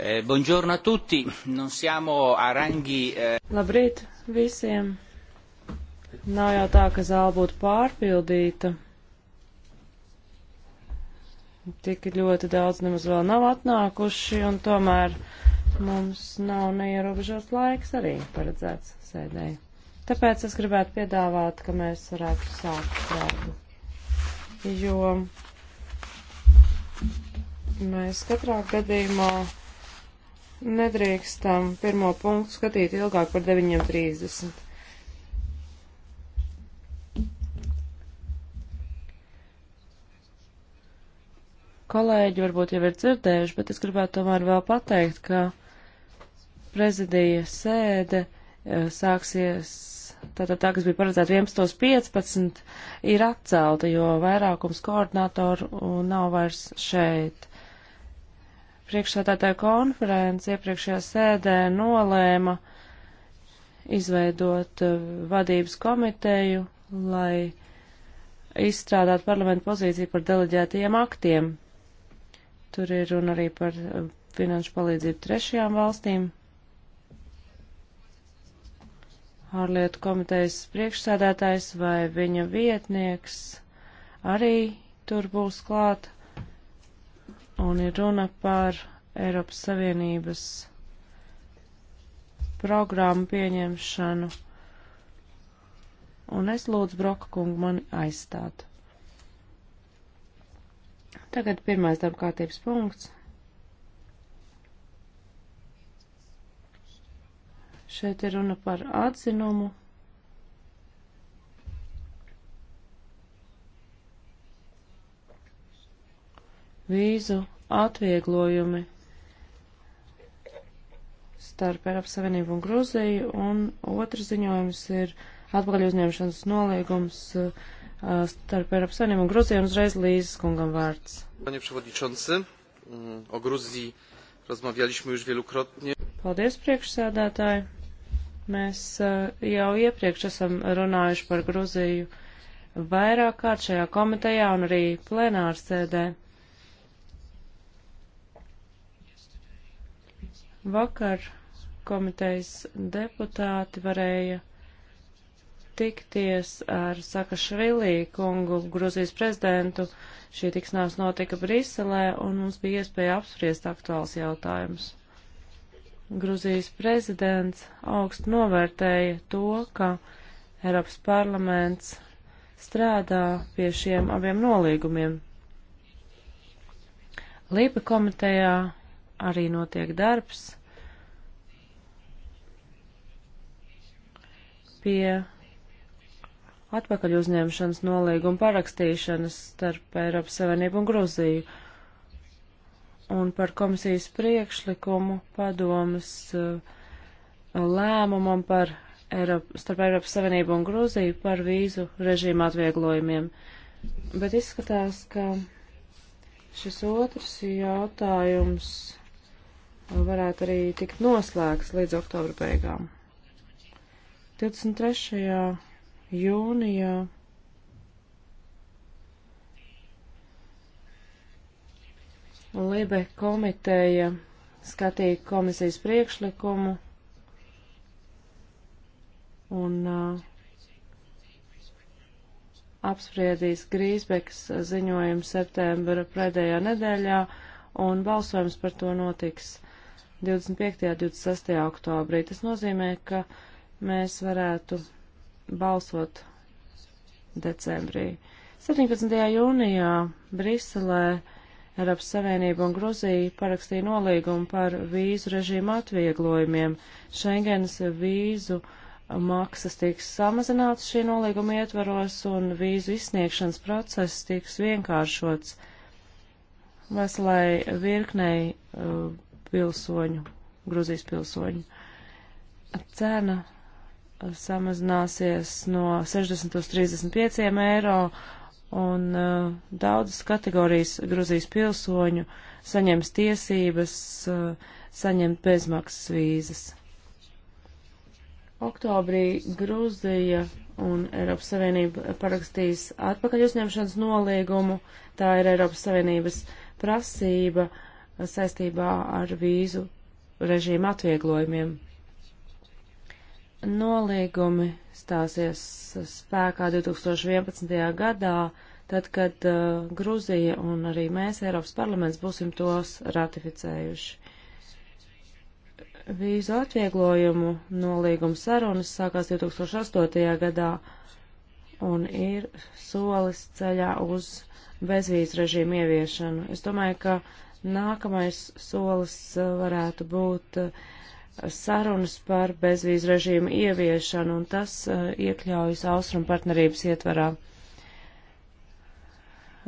Eh, buongiorno a tutti, non siamo a ranghi. Eh... Labrīt visiem! Nav jau tā, ka zāle būtu pārpildīta. Tik ļoti daudz nemaz vēl nav atnākuši, un tomēr mums nav neierobežots laiks arī paredzēts sēdēji. Tāpēc es gribētu piedāvāt, ka mēs varētu sākt darbu. Jo mēs katrā gadījumā nedrīkstam pirmo punktu skatīt ilgāk par 9.30. Kolēģi varbūt jau ir dzirdējuši, bet es gribētu tomēr vēl pateikt, ka prezidija sēde eh, sāksies, tātad tā, kas bija paredzēta 11.15, ir atcelta, jo vairākums koordinatoru nav vairs šeit. Priekšsēdētāja konference iepriekšējā sēdē nolēma izveidot eh, vadības komiteju, lai izstrādāt parlamentu pozīciju par deleģētajiem aktiem. Tur ir runa arī par eh, finanšu palīdzību trešajām valstīm. ārlietu komitejas priekšsēdētājs vai viņa vietnieks arī tur būs klāt un ir runa par Eiropas Savienības programmu pieņemšanu. Un es lūdzu Broka kungu mani aizstāt. Tagad pirmais darba kārtības punkts. Šeit ir runa par atzinumu vīzu atvieglojumi starp Eiropas Savienību un Gruziju, un otrs ziņojums ir atpakaļ uzņemšanas noliegums starp Eiropas Savienību un Gruziju, un uzreiz Līzes kungam vārds. Mm, Paldies, priekšsēdētāji! Mēs jau iepriekš esam runājuši par Gruziju vairāk kārt šajā komitejā un arī plenārsēdē. Ar Vakar komitejas deputāti varēja tikties ar Sakašvilī kungu, Gruzijas prezidentu. Šī tiksnās notika Briselē, un mums bija iespēja apspriest aktuāls jautājums. Gruzijas prezidents augstu novērtēja to, ka Eiropas parlaments strādā pie šiem abiem nolīgumiem. Līpa komitejā arī notiek darbs pie atpakaļ uzņemšanas nolīguma parakstīšanas starp Eiropas Savienību un Gruziju un par komisijas priekšlikumu padomas uh, lēmumam par Eiropa, starp Eiropas Savienību un Gruziju par vīzu režīmu atvieglojumiem. Bet izskatās, ka šis otrs jautājums varētu arī tikt noslēgts līdz oktobra beigām. 23. jūnijā Libe komiteja skatīja komisijas priekšlikumu un uh, apspriedīs Grīsbekas ziņojumu septembra pēdējā nedēļā, un balsojums par to notiks 25. un 26. oktobrī. Tas nozīmē, ka mēs varētu balsot decembrī. 17. jūnijā Briselē Eiropas Savienība un Gruzija parakstīja nolīgumu par vīzu režīmu atvieglojumiem. Šengenas vīzu maksas tiks samazināts šī nolīguma ietvaros un vīzu izsniegšanas process tiks vienkāršots veselai virknei uh, pilsoņu, Gruzijas pilsoņu. Cena uh, samazināsies no 60 uz 35 eiro, un uh, daudzas kategorijas Gruzijas pilsoņu saņems tiesības uh, saņemt bezmaksas vīzas. Oktobrī Gruzija un Eiropas Savienība parakstīs atpakaļ uzņemšanas noliegumu. Tā ir Eiropas Savienības prasība uh, saistībā ar vīzu režīmu atvieglojumiem. Nolīgumi stāsies spēkā 2011. gadā, tad, kad uh, Gruzija un arī mēs, Eiropas parlaments, būsim tos ratificējuši. Vīzu atvieglojumu nolīguma sarunas sākās 2008. gadā un ir solis ceļā uz bezvīzu režīmu ieviešanu. Es domāju, ka uh, Nākamais solis uh, varētu būt uh, sarunas par bezvīzu režīmu ieviešanu, un tas uh, iekļaujas Austrum partnerības ietvarā.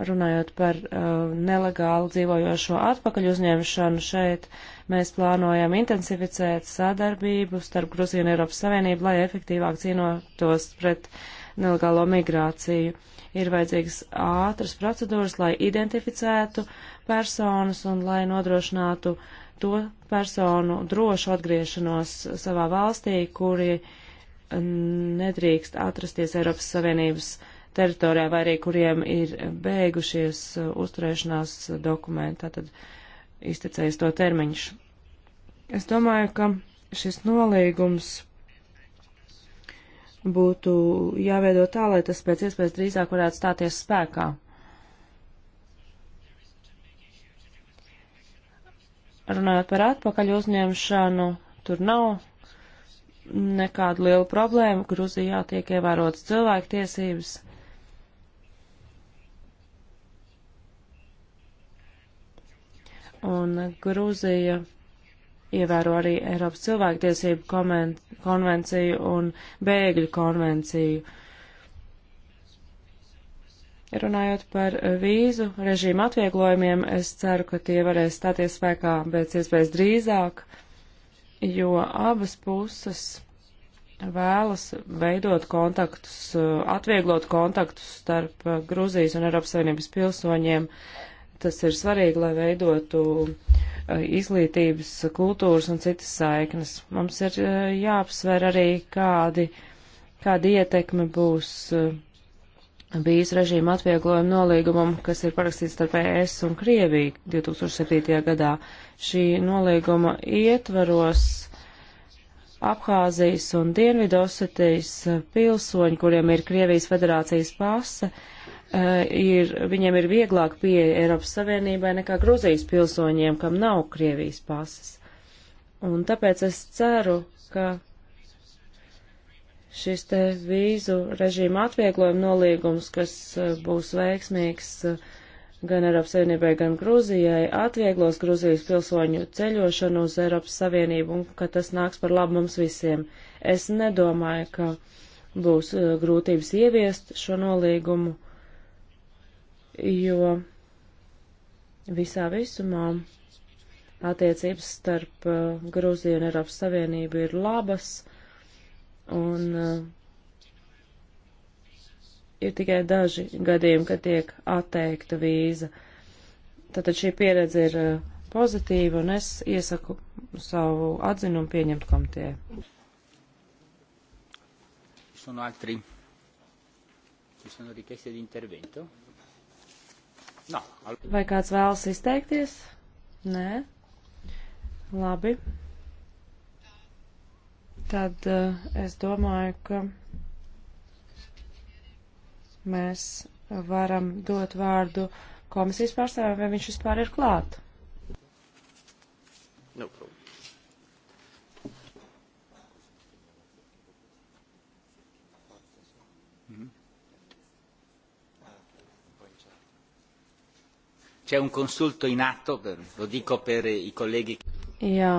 Runājot par uh, nelegālu dzīvojošo atpakaļ uzņemšanu, šeit mēs plānojam intensificēt sadarbību starp Gruziju un Eiropas Savienību, lai efektīvāk cīnotos pret nelegālo migrāciju. Ir vajadzīgas ātras procedūras, lai identificētu personas un lai nodrošinātu to personu drošu atgriešanos savā valstī, kuri nedrīkst atrasties Eiropas Savienības teritorijā vai arī kuriem ir beigušies uh, uzturēšanās dokumenti, tātad iztecējis to termiņš. Es domāju, ka šis nolīgums būtu jāveido tā, lai tas pēc iespējas drīzāk varētu stāties spēkā. Runājot par atpakaļ uzņemšanu, tur nav nekādu lielu problēmu. Gruzijā tiek ievērotas cilvēktiesības. Un Gruzija ievēro arī Eiropas cilvēktiesību konvenciju un bēgļu konvenciju. Runājot par eh, vīzu režīmu atvieglojumiem, es ceru, ka tie varēs stāties spēkā pēc iespējas drīzāk, jo abas puses vēlas veidot kontaktus, eh, atvieglot kontaktus starp eh, Gruzijas un Eiropas Savienības pilsoņiem. Tas ir svarīgi, lai veidotu izglītības, kultūras un citas saiknes. Mums ir jāapsver arī, kādi, kāda ietekme būs bijis režīma atvieglojuma nolīgumam, kas ir parakstīts starp ES un Krieviju 2007. gadā. Šī nolīguma ietvaros Abhāzijas un Dienvidosetijas pilsoņi, kuriem ir Krievijas federācijas pase, eh, ir, viņiem ir vieglāk pieeja Eiropas Savienībai nekā Gruzijas pilsoņiem, kam nav Krievijas pases. Un tāpēc es ceru, ka šis te vīzu režīma atvieglojuma nolīgums, kas eh, būs veiksmīgs eh, gan Eiropas Savienībai, gan Grūzijai, atvieglos Grūzijas pilsoņu ceļošanu uz Eiropas Savienību un ka tas nāks par labu mums visiem. Es nedomāju, ka būs eh, grūtības ieviest šo nolīgumu, jo visā visumā attiecības starp Grūziju un Eiropas Savienību ir labas Un uh, ir tikai daži gadījumi, kad tiek atteikta vīza. Tātad šī pieredze ir uh, pozitīva, un es iesaku savu atzinumu pieņemt komitē. Sono altri. Ci sono richieste di intervento? No. Vai kāds vēlas izteikties? Nē. Labi tad eh, es domāju, ka mēs varam dot vārdu komisijas pārstāvjiem, vai viņš vispār ir klāt. No problem. Mhm. C'è un consulto in atto, per, lo dico per i colleghi. Jā,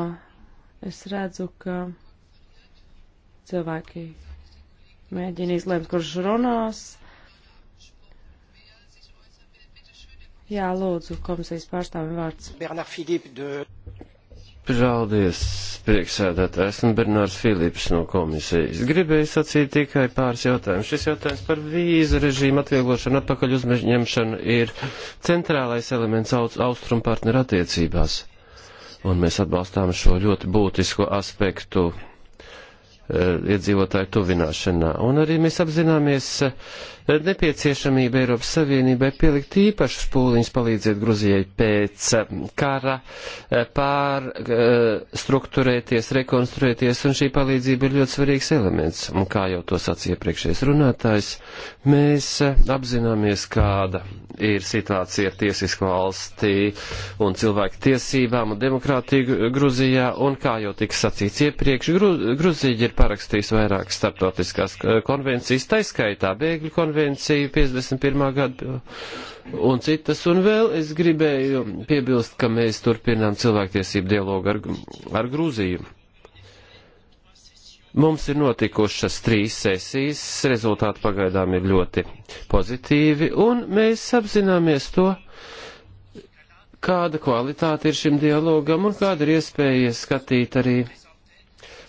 es redzu, ka Cilvēki mēģina izlemt, kurš runās. Jā, lūdzu, komisijas pārstāvi vārds. Paldies, priekšsēdētāj. Esmu Bernārs Filips no komisijas. Gribēju sacīt tikai pāris jautājumus. Šis jautājums par vīzu režīmu atvieglošanu atpakaļ uzmeņemšanu ir centrālais elements austrumu partneru attiecībās. Un mēs atbalstām šo ļoti būtisko aspektu Eh, iedzīvotāju tuvināšanā. Un arī mēs apzināmies eh, nepieciešamību Eiropas Savienībai pielikt īpašus pūliņus palīdziet Gruzijai pēc eh, kara pārstruktūrēties, rekonstruēties, un šī palīdzība ir ļoti svarīgs elements. Un kā jau to sacīja iepriekšējais runātājs, mēs apzināmies, kāda ir situācija ar tiesisku valstī un cilvēku tiesībām un demokrātiju Gruzijā, un kā jau tika sacīts iepriekš, Gruzija ir parakstījis vairākas starptautiskās eh, konvencijas, taiskaitā bēgļu konvenciju 51. gadu un citas, un vēl es gribēju piebilst, ka mēs turpinām cilvēktiesību dialogu ar, ar Grūziju. Mums ir notikušas trīs sesijas, rezultāti pagaidām ir ļoti pozitīvi, un mēs apzināmies to, kāda kvalitāte ir šim dialogam un kāda ir iespēja skatīt arī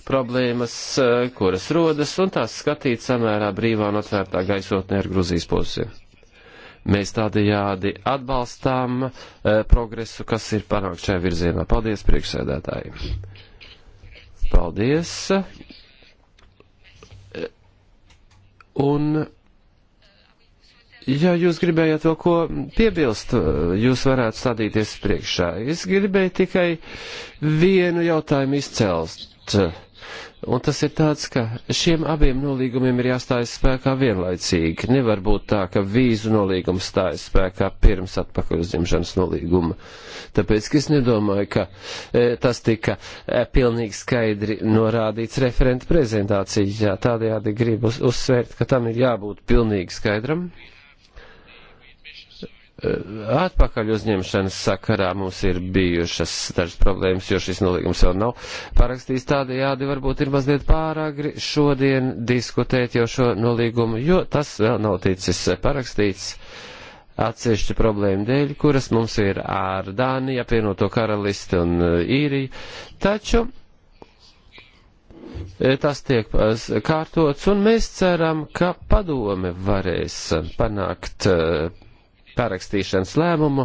problēmas, eh, kuras rodas, un tās skatīt samērā brīvā un atvērtā gaisotnē ar Gruzijas pusi. Mēs tādējādi atbalstām e, progresu, kas ir panākt šajā virzienā. Paldies, priekšsēdētāji! Paldies! Eh, un Ja jūs gribējāt vēl ko piebilst, jūs varētu stādīties priekšā. Es gribēju tikai vienu jautājumu izcelst. Un tas ir tāds, ka šiem abiem nolīgumiem ir jāstājas spēkā vienlaicīgi. Nevar būt tā, ka vīzu nolīgums stājas spēkā pirms atpakaļ uzņemšanas nolīguma. Tāpēc, ka es nedomāju, ka e, tas tika e, pilnīgi skaidri norādīts referenta prezentācijā. Tādējādi gribu uz, uzsvērt, ka tam ir jābūt pilnīgi skaidram. Atpakaļ uzņemšanas sakarā mums ir bijušas dažas problēmas, jo šis nolīgums vēl nav parakstījis tādējādi, varbūt ir mazliet pāragri šodien diskutēt jau šo nolīgumu, jo tas vēl nav ticis parakstīts atsevišķu problēmu dēļ, kuras mums ir ar Dāniju, apvienoto karalisti un e, īriju. Taču e, tas tiek e, kārtots, un mēs ceram, ka padome varēs panākt uh, pārakstīšanas lēmumu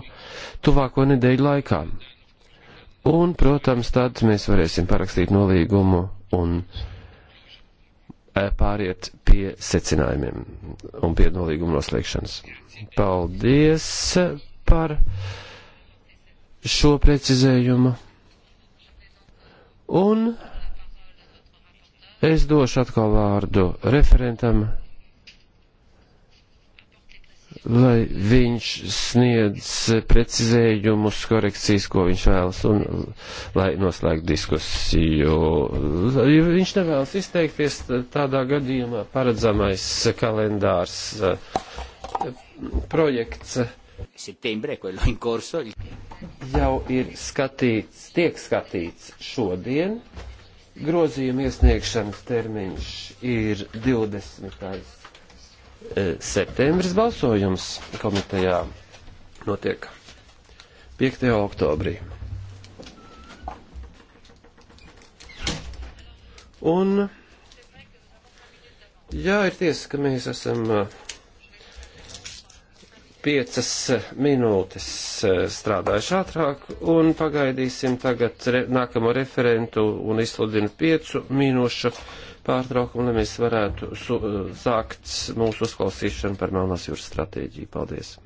tuvāko nedēļu laikā. Un, protams, tad mēs varēsim parakstīt nolīgumu un e, pāriet pie secinājumiem un pie nolīguma noslēgšanas. Paldies par šo precizējumu. Un es došu atkal vārdu referentam lai viņš sniedz precizējumus, korekcijas, ko viņš vēlas, un lai noslēgtu diskusiju. Ja viņš nevēlas izteikties, tādā gadījumā paredzamais kalendārs eh, projekts jau ir skatīts, tiek skatīts šodien. Grozījuma iesniegšanas termiņš ir 20. E, septembris balsojums komitejā notiek 5. oktobrī. Un, jā, ir tiesa, ka mēs esam e, piecas minūtes e, strādājuši ātrāk, un pagaidīsim tagad re, nākamo referentu un izsludinu piecu minūšu pārtraukumu, lai mēs varētu eh, sākt mūsu uzklausīšanu par Melnās jūras stratēģiju. Paldies!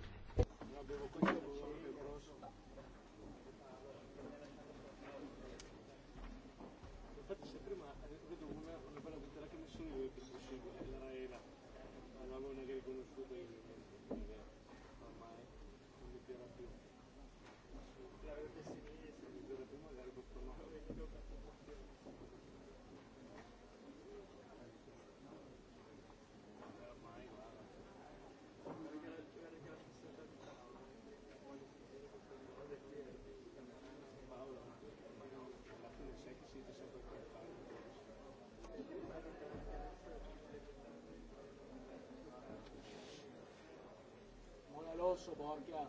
l'osso, porca.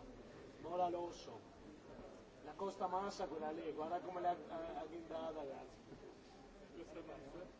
Mola l'osso. La costa massa quella lì, guarda come l'ha agghindata, ragazzi. Questa massa? Eh.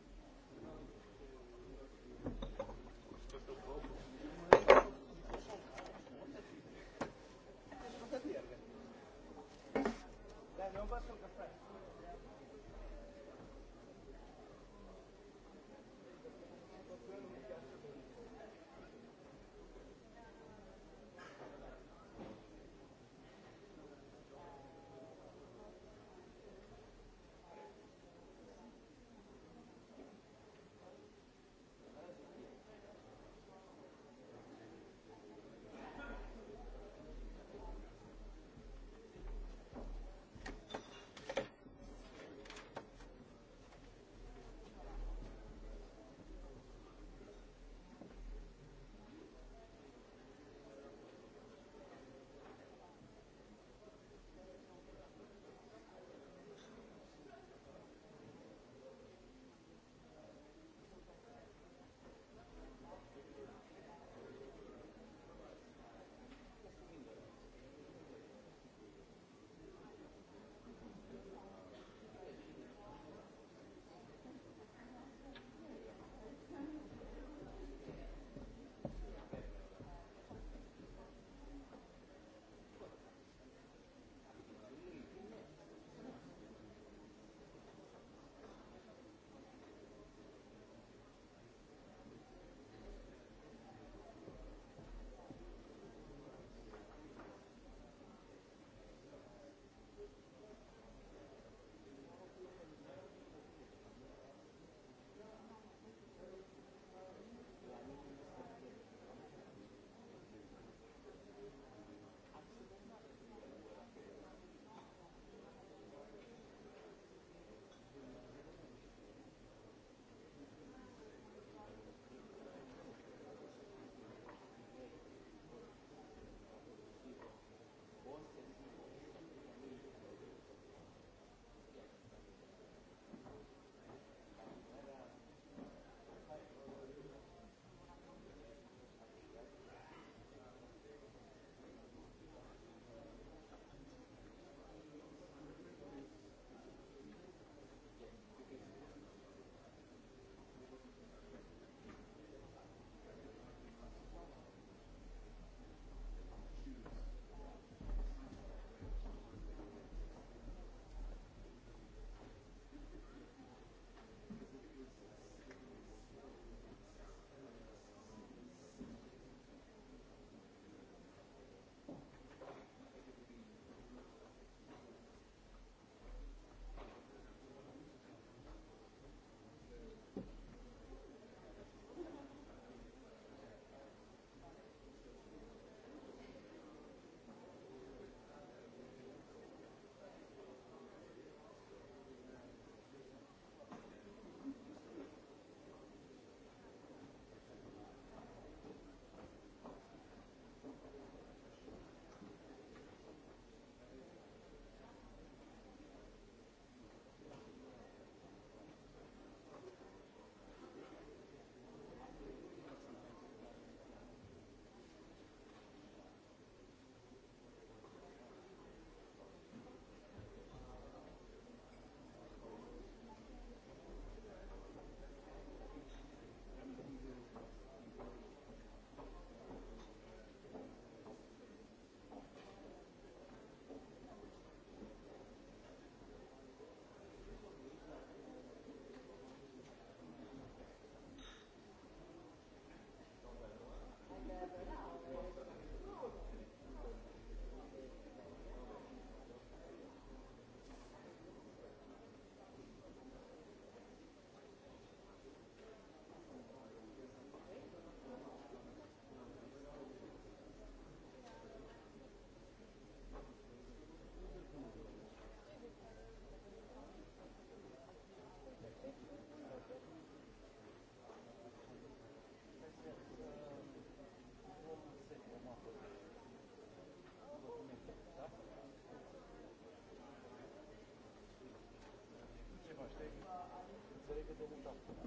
Io no, posso sotto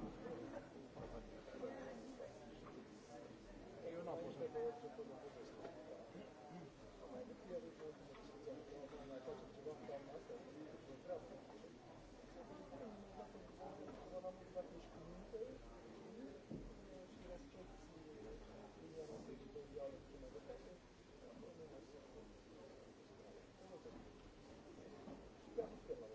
la questo. Ma in più avete una cosa che non fa massa, non troppo. Grazie.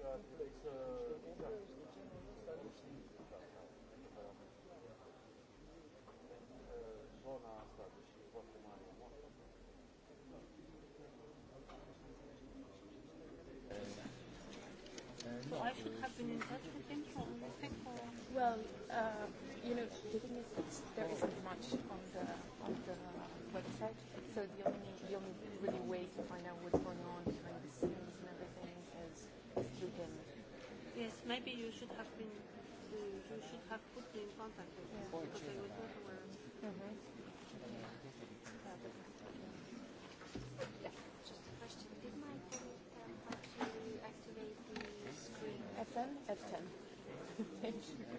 zona asta, deși e foarte mare, moartă. So I should have been in touch with him for anything for Well, uh, you know, the thing is that there isn't much on the on the website, so the only the only really way to find out what's going Maybe you should have been, uh, you should have put me in contact with yeah. them because I was not aware. Mm-hmm. F10? F10. Thank you.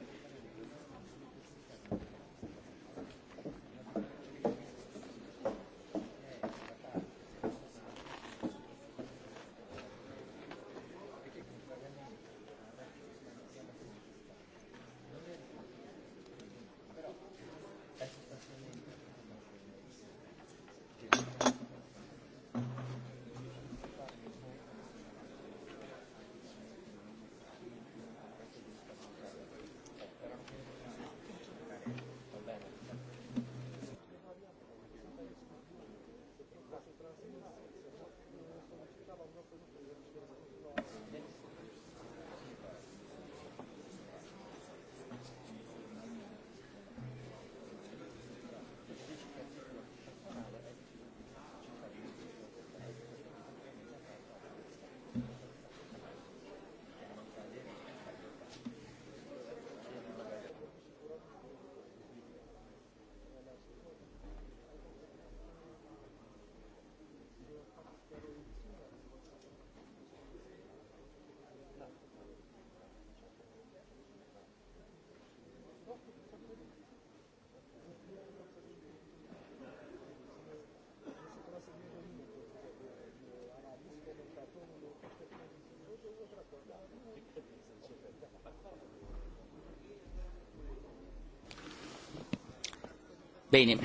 Bene,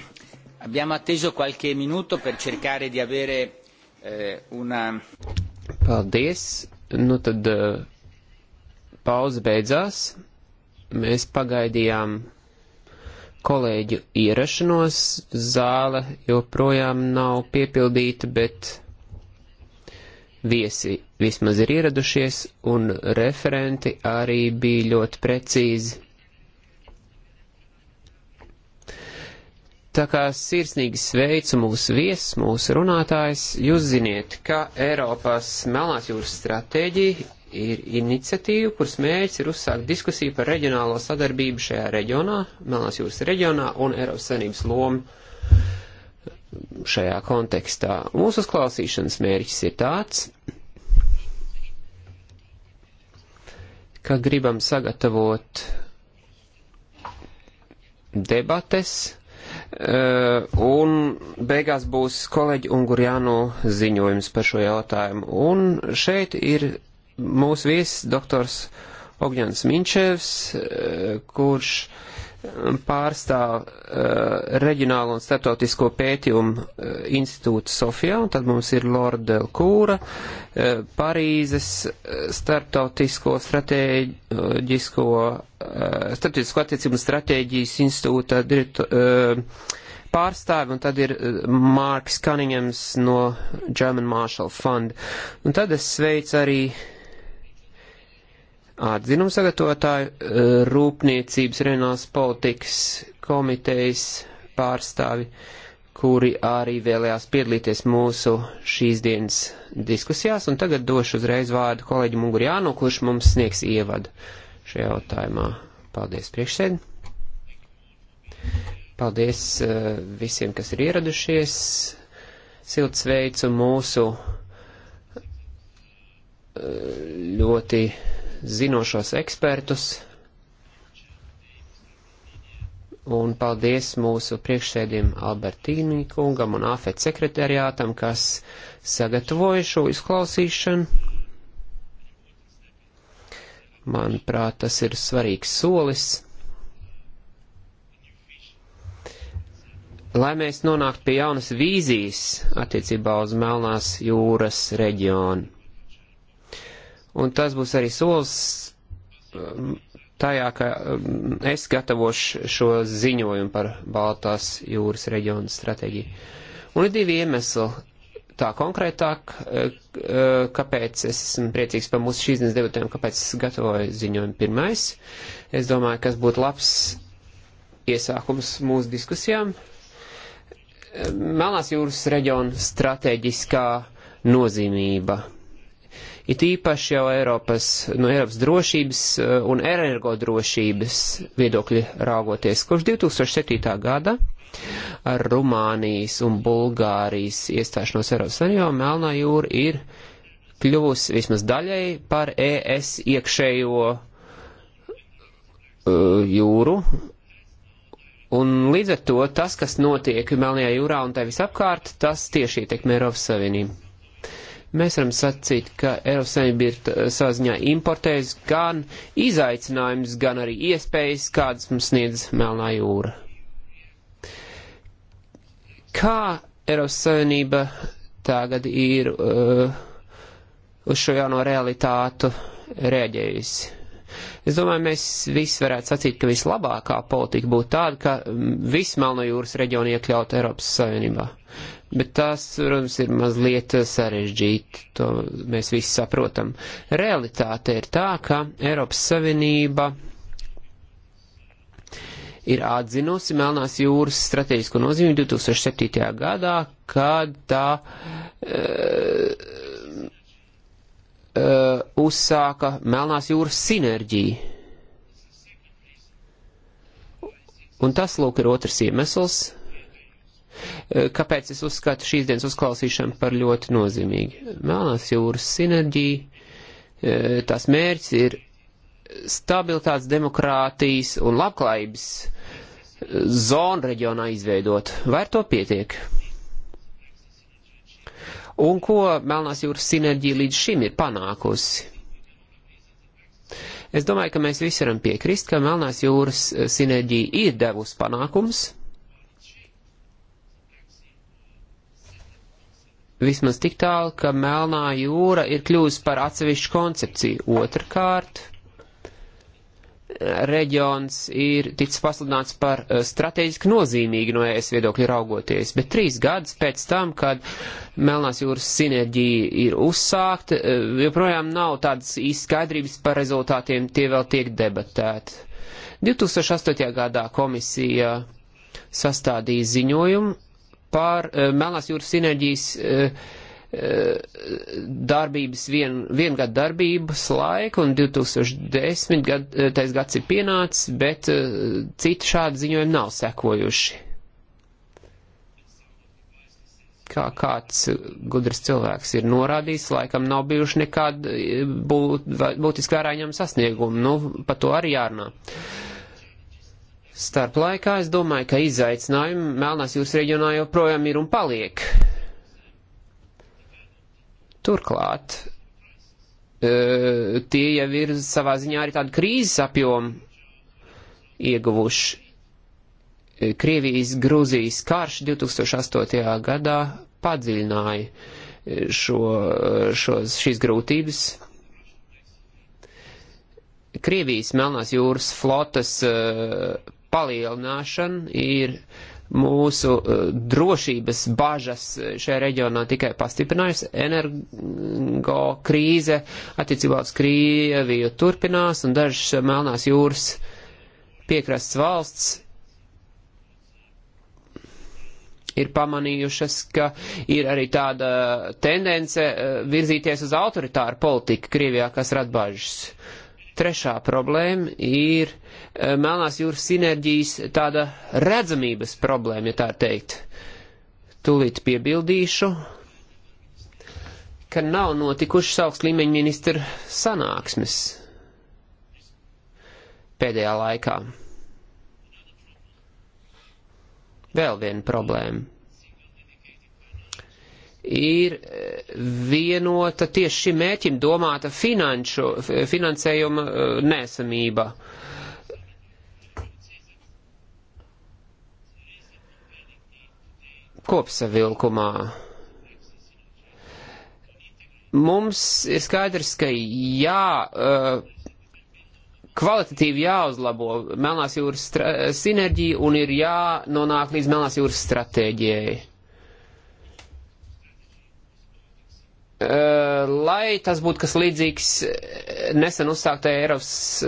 abbiamo atteso qualche minuto per cercare di avere eh, una. Paldies. Nu tad uh, pauze beidzās. Mēs pagaidījām kolēģu ierašanos. Zāle joprojām nav piepildīta, bet viesi vismaz ir ieradušies un referenti arī bija ļoti precīzi Tā kā sirsnīgi sveicu mūsu viesus, mūsu runātājs, jūs ziniet, ka Eiropas Melnās jūras stratēģija ir iniciatīva, kuras mērķis ir uzsākt diskusiju par reģionālo sadarbību šajā reģionā, Melnās jūras reģionā un Eiropas Sanības lomu šajā kontekstā. Mūsu uzklausīšanas mērķis ir tāds, ka gribam sagatavot debates, Eh, un beigās būs kolēģi Ungurjānu ziņojums par šo jautājumu. Un šeit ir mūsu viesis doktors Ogņāns Minčevs, eh, kurš uh, pārstāv uh, reģionālo un starptautisko pētījumu uh, institūtu Sofijā, un tad mums ir Lorda Delkūra, uh, eh, Parīzes starptautisko stratēģisko, uh, starptautisko attiecību stratēģijas institūta direktu, uh, pārstāvi, un tad ir uh, Marks Cunninghams no German Marshall Fund. Un tad es sveicu arī uh, atzinumu sagatavotāju, eh, rūpniecības reģionālās politikas komitejas pārstāvi, kuri arī vēlējās piedalīties mūsu šīs dienas diskusijās. Un tagad došu uzreiz vārdu kolēģim Ungurjānu, kurš mums sniegs ievadu šajā jautājumā. Paldies, priekšsēdi! Paldies eh, visiem, kas ir ieradušies. Silts sveicu mūsu eh, ļoti zinošos ekspertus. Un paldies mūsu priekšsēdim Albertīni kungam un AFET sekretariātam, kas sagatavoja šo izklausīšanu. Manuprāt, tas ir svarīgs solis. lai mēs nonāktu pie jaunas vīzijas attiecībā uz Melnās jūras reģionu un tas būs arī solis um, tajā, ka um, es gatavošu šo ziņojumu par Baltās jūras reģionu stratēģiju. Un ir divi iemesli. Tā konkrētāk, uh, uh, kāpēc es esmu priecīgs par mūsu šīs dienas debatēm, kāpēc es gatavoju ziņojumu pirmais. Es domāju, kas būtu labs iesākums mūsu diskusijām. Melnās jūras reģiona stratēģiskā nozīmība It īpaši jau Eiropas, no Eiropas drošības eh, un energodrošības viedokļi raugoties, kurš 2007. gada ar Rumānijas un Bulgārijas iestāšanos Eiropas Savienībā Melnā jūra ir kļuvusi vismaz daļai par ES iekšējo uh, jūru. Un līdz ar to tas, kas notiek Melnajā jūrā un tai visapkārt, tas tieši ietekmē Eiropas Savienību. Mēs varam sacīt, ka Eiropas Savienība ir saziņā importējusi gan izaicinājumus, gan arī iespējas, kādas mums sniedz Melnā jūra. Kā Eiropas Savienība tagad ir uh, uz šo jauno realitātu rēģējusi? Es domāju, mēs visi varētu sacīt, ka vislabākā politika būtu tāda, ka mm, viss Melnojūras reģionu iekļaut Eiropas Savienībā. Uh, bet tās, protams, ir mazliet sarežģīti, to mēs visi saprotam. Realitāte ir tā, ka Eiropas Savienība ir atzinusi Melnās jūras strateģisko nozīmi 2007. gadā, kad tā uh, uh, uzsāka Melnās jūras sinerģiju. Un tas, lūk, ir otrs iemesls, Eh, kāpēc es uzskatu šīs dienas uzklausīšanu par ļoti nozīmīgu? Melnās jūras sinerģija, eh, tās mērķis ir stabilitātes, demokrātijas un labklājības eh, zonu reģionā izveidot. Vai ar to pietiek? Un ko Melnās jūras sinerģija līdz šim ir panākusi? Es domāju, ka mēs visi varam piekrist, ka Melnās jūras sinerģija ir devusi panākums, vismaz tik tālu, ka Melnā jūra ir kļūst par atsevišķu koncepciju. Otrakārt, reģions ir ticis pasludināts par eh, strateģiski nozīmīgu no ES viedokļa raugoties, bet trīs gadus pēc tam, kad Melnās jūras sinerģija ir uzsākta, eh, joprojām nav tādas īsti skaidrības par rezultātiem, tie vēl tiek debatēti. 2008. gadā komisija sastādīja ziņojumu par eh, Melnās jūras sinerģijas eh, eh, darbības vien, viengad darbības laiku, un 2010. Gad, tais gads ir pienācis, bet citi šādi ziņojumi nav sekojuši. Kā kāds gudrs cilvēks ir norādījis, laikam nav bijuši nekādi būt, būtiski vērāņam sasniegumi, nu, par to arī jārunā. Uh, starp laikā es domāju, ka izaicinājumi Melnās jūras reģionā joprojām ir un paliek. Turklāt, e, tie jau ir savā ziņā arī tādu krīzes apjomu ieguvuši. E, Krievijas-Grūzijas karš 2008. gadā padziļināja e, šo, šos, šīs grūtības. Krievijas Melnās jūras flotas uh, palielināšana ir mūsu uh, drošības bažas uh, šajā reģionā tikai pastiprinājusi. Energo krīze attiecībā uz Krieviju turpinās un dažas Melnās jūras piekrasts valsts ir pamanījušas, ka ir arī tāda tendence uh, virzīties uz autoritāru politiku Krievijā, kas rad bažas. Uh, Trešā problēma ir eh, Melnās jūras sinerģijas tāda redzamības problēma, ja tā teikt. Tūlīt piebildīšu, ka nav notikušas augst līmeņa ministra sanāksmes pēdējā laikā. Vēl viena problēma ir eh, vienota tieši šim mēķim domāta finanšu, finansējuma eh, nesamība. Kopsavilkumā mums ir skaidrs, ka jā, eh, kvalitatīvi jāuzlabo Melnās jūras sinerģija un ir jānonāk līdz Melnās jūras stratēģijai. Eh, lai tas būtu kas līdzīgs eh, nesen uzsāktajai Eiropas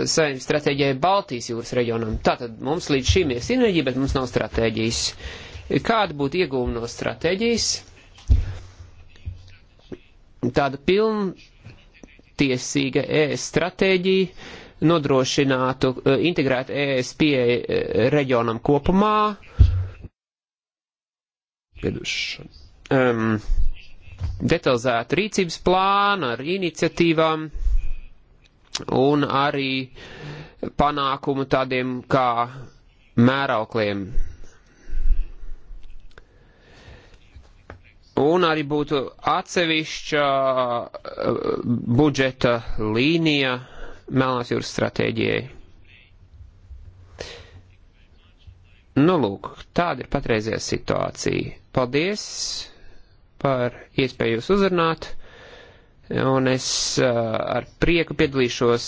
Savienības stratēģijai Baltijas jūras reģionam. Tātad mums līdz šim ir sinerģija, bet mums nav stratēģijas. Kāda būtu ieguvuma no stratēģijas? Tāda pilntiesīga ES stratēģija nodrošinātu eh, integrētu ES pieeja reģionam kopumā. Piedušana. Um, detalizētu rīcības plānu ar iniciatīvām un arī panākumu tādiem kā mēraukliem. Un arī būtu atsevišķa uh, budžeta līnija Melnās jūras stratēģijai. Nu, lūk, tāda ir patreizējā situācija. Paldies! par iespēju jūs uzrunāt, un es uh, ar prieku piedalīšos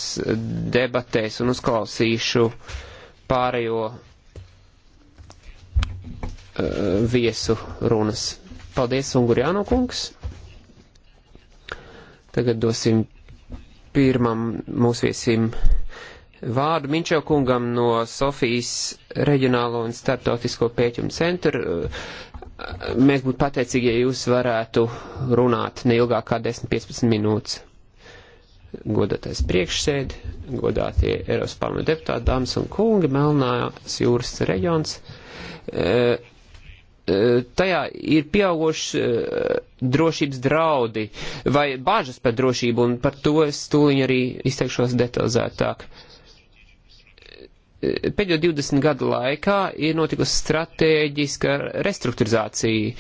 debatēs un uzklausīšu pārējo uh, viesu runas. Paldies, Ungurjāno kungs! Tagad dosim pirmam mūsu viesim vārdu Minčo kungam no Sofijas reģionālo un starptautisko pēķumu centru mēs būtu pateicīgi, ja jūs varētu runāt neilgāk kā 10-15 minūtes. Godātais priekšsēdi, godātie Eiropas parlamenta deputāti, dāmas un kungi, Melnās jūras reģions. E, e, tajā ir pieauguši e, drošības draudi vai bāžas par drošību, un par to es tūliņ arī izteikšos detalizētāk. E, Eh, pēdējo 20 gadu laikā ir notikusi stratēģiska restruktūrizācija.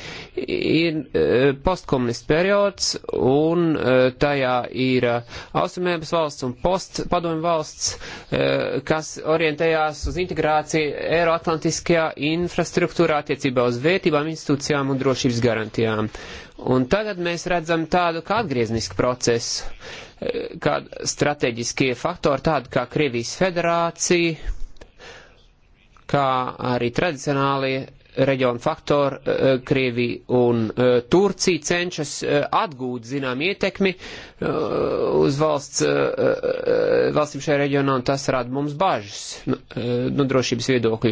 Ir eh, postkomunists periods, un eh, tajā ir austrumēbas valsts un postpadomju valsts, kas orientējās uz integrāciju Eiroatlantiskajā infrastruktūrā attiecībā uz vērtībām, institūcijām un drošības garantijām. Un tagad mēs redzam tādu kā atgrieznisku procesu, kā strateģiskie faktori, tādi kā Krievijas federācija, kā arī tradicionālie reģionu faktori, eh, Krievija un eh, Turcija cenšas eh, atgūt zinām ietekmi uz valsts, valstīm šajā reģionā, un tas rada mums bažas nu, no drošības viedokļa.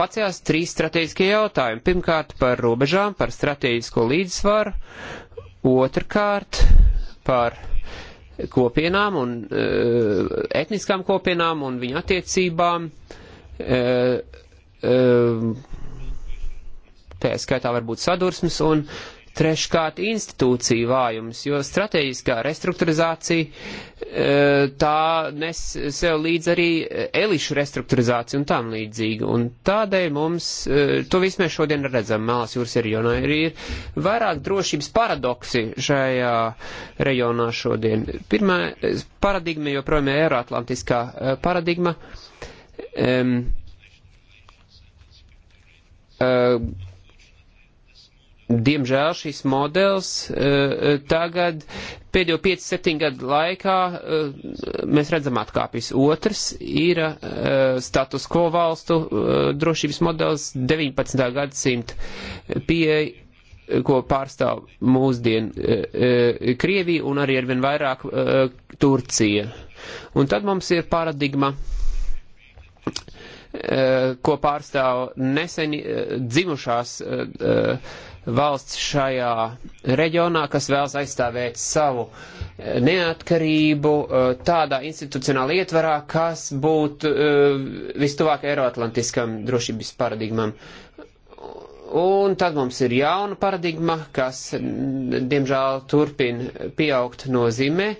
Pacējās trīs strateģiskie jautājumi. Pirmkārt par robežām, par strateģisko līdzsvaru, otrkārt par kopienām un etniskām kopienām un viņu attiecībām. Uh, tā skaitā varbūt sadursmes un treškārt institūciju vājums, jo strateģiskā restruktūrizācija tā nes sev līdz arī elišu restruktūrizāciju un tam līdzīgi. Un tādēļ mums, to visu mēs šodien redzam, Mēlās jūras reģionā ir, ir vairāk drošības paradoksi šajā reģionā šodien. Pirmā paradigma joprojām ir Eiroatlantiskā paradigma. Uh, Um, uh, Diemžēl šis modelis uh, e, e, tagad pēdējo 5-7 gadu laikā uh, mēs redzam atkāpjas. Otrs ir uh, status quo valstu uh, drošības modelis 19. gadsimta pieeja, ko pārstāv mūsdien uh, uh, Krievija un arī arvien vairāk uh, Turcija. Un tad mums ir paradigma. Uh, Eh, ko pārstāv nesen eh, dzimušās eh, valsts šajā reģionā, kas vēlas aizstāvēt savu neatkarību tādā institucionāla ietvarā, kas būtu vistuvāk Eiroatlantiskam drošības paradigmam. Un tad mums ir jauna paradigma, kas, diemžēl, turpina pieaugt nozīmē,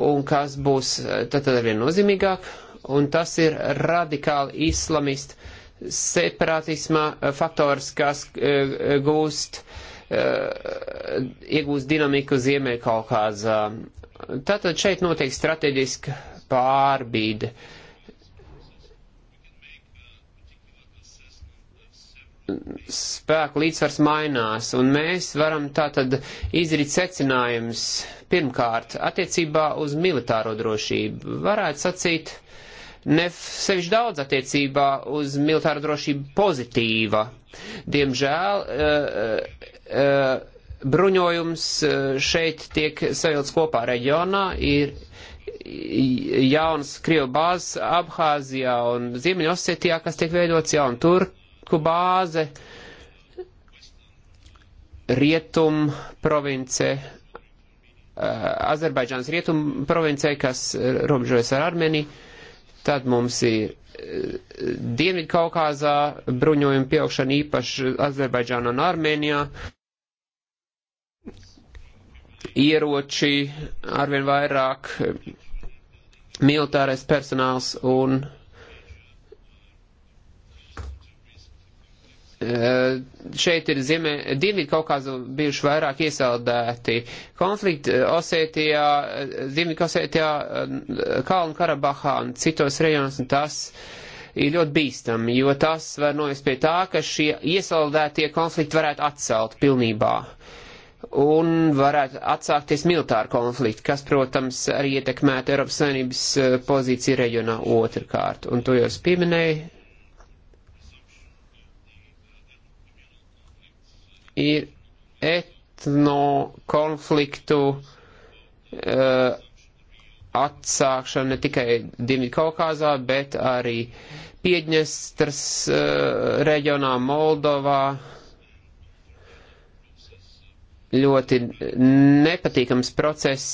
un kas būs tad arvien nozīmīgāk, un tas ir radikāli islamistu separātismā faktors, kas e, e, gūst, e, iegūst dinamiku Ziemeļkaukāzā. Tātad šeit notiek strateģiska pārbīde. spēku līdzsvars mainās, un mēs varam tātad izrīt secinājums pirmkārt attiecībā uz militāro drošību. Varētu sacīt, ne sevišķi daudz attiecībā uz militāru drošību pozitīva. Diemžēl uh, uh, bruņojums šeit tiek savilts kopā reģionā, ir jauns Krievu bāzes Abhāzijā un Ziemeļosetijā, kas tiek veidots jauna Turku bāze, Rietum province, Azerbaidžānas Rietum provincē, kas robežojas ar Armeniju Tad mums ir eh, Dienvidkaukāzā bruņojuma pieaugšana īpaši Azerbaidžānā un Armēnijā. Ieroči arvien vairāk, militārais personāls un e, šeit ir ziemē, Dienvidu Kaukāzu bijuši vairāk iesaldēti konflikti eh, Osētijā, Dienvidu eh, Osētijā, eh, Kalnu Karabahā un citos rejonos, un tas ir ļoti bīstami, jo tas var novest pie tā, ka šie iesaldētie konflikti varētu atcelt pilnībā. Un varētu atsākties militāri konflikti, kas, protams, arī ietekmētu Eiropas Savienības pozīciju reģionā otrkārt. Un to jau es pieminēju, ir etno konfliktu uh, eh, atsākšana ne tikai Dienvidkaukāzā, bet arī Piedņestras uh, reģionā Moldovā. Ļoti nepatīkams process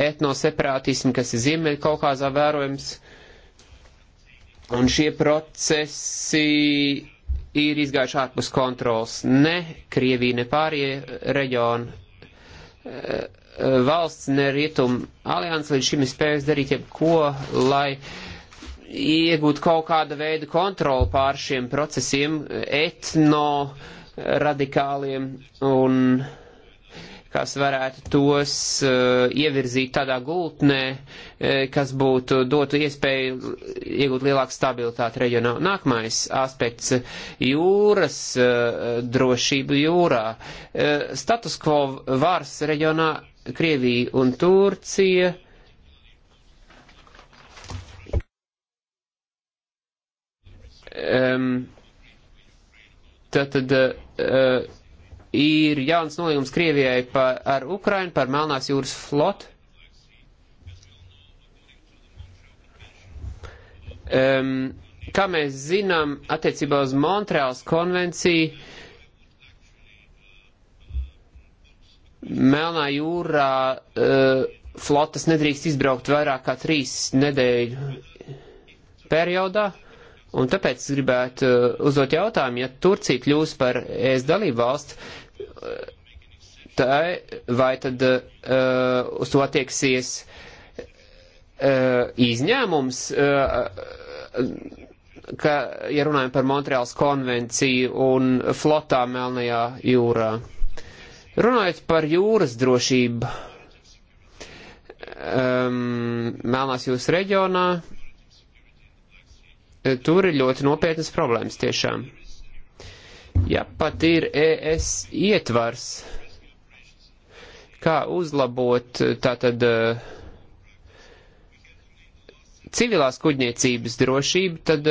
etnoseparātismu, kas ir Ziemeļkaukāzā vērojams. Un šie procesi ir izgājuši ārpus kontrols. Ne Krievija, ne pārējie reģioni, eh, valsts, ne Rietum alians līdz šim ir spējusi darīt jebko, lai iegūtu kaut kādu veidu kontroli pār šiem procesiem etno radikāliem un uh, kas varētu tos uh, ievirzīt tādā gultnē, uh, kas būtu dotu iespēju iegūt lielāku stabilitāti reģionā. Nākamais aspekts - jūras uh, drošība jūrā. Uh, status quo vārs reģionā Krievija un Turcija. Um, tad, tad uh, ir jauns nolīgums Krievijai par, ar Ukrainu par Melnās jūras flotu. Um, kā mēs zinām, attiecībā uz Montreāls konvenciju, Melnā jūrā uh, flotas nedrīkst izbraukt vairāk kā trīs nedēļu periodā. Uh, Un tāpēc gribētu uh, uzdot jautājumu, ja Turcija kļūs par ES dalību valsts, uh, tai, vai tad uh, uz to attieksies uh, izņēmums, uh, ka, ja runājam par Montreāls konvenciju un flotā Melnajā jūrā. Runājot par jūras drošību um, Melnās jūras reģionā, Eh, tur ir ļoti nopietnas problēmas tiešām. Ja pat ir ES ietvars, kā uzlabot eh, tātad eh, civilās kuģniecības drošību, tad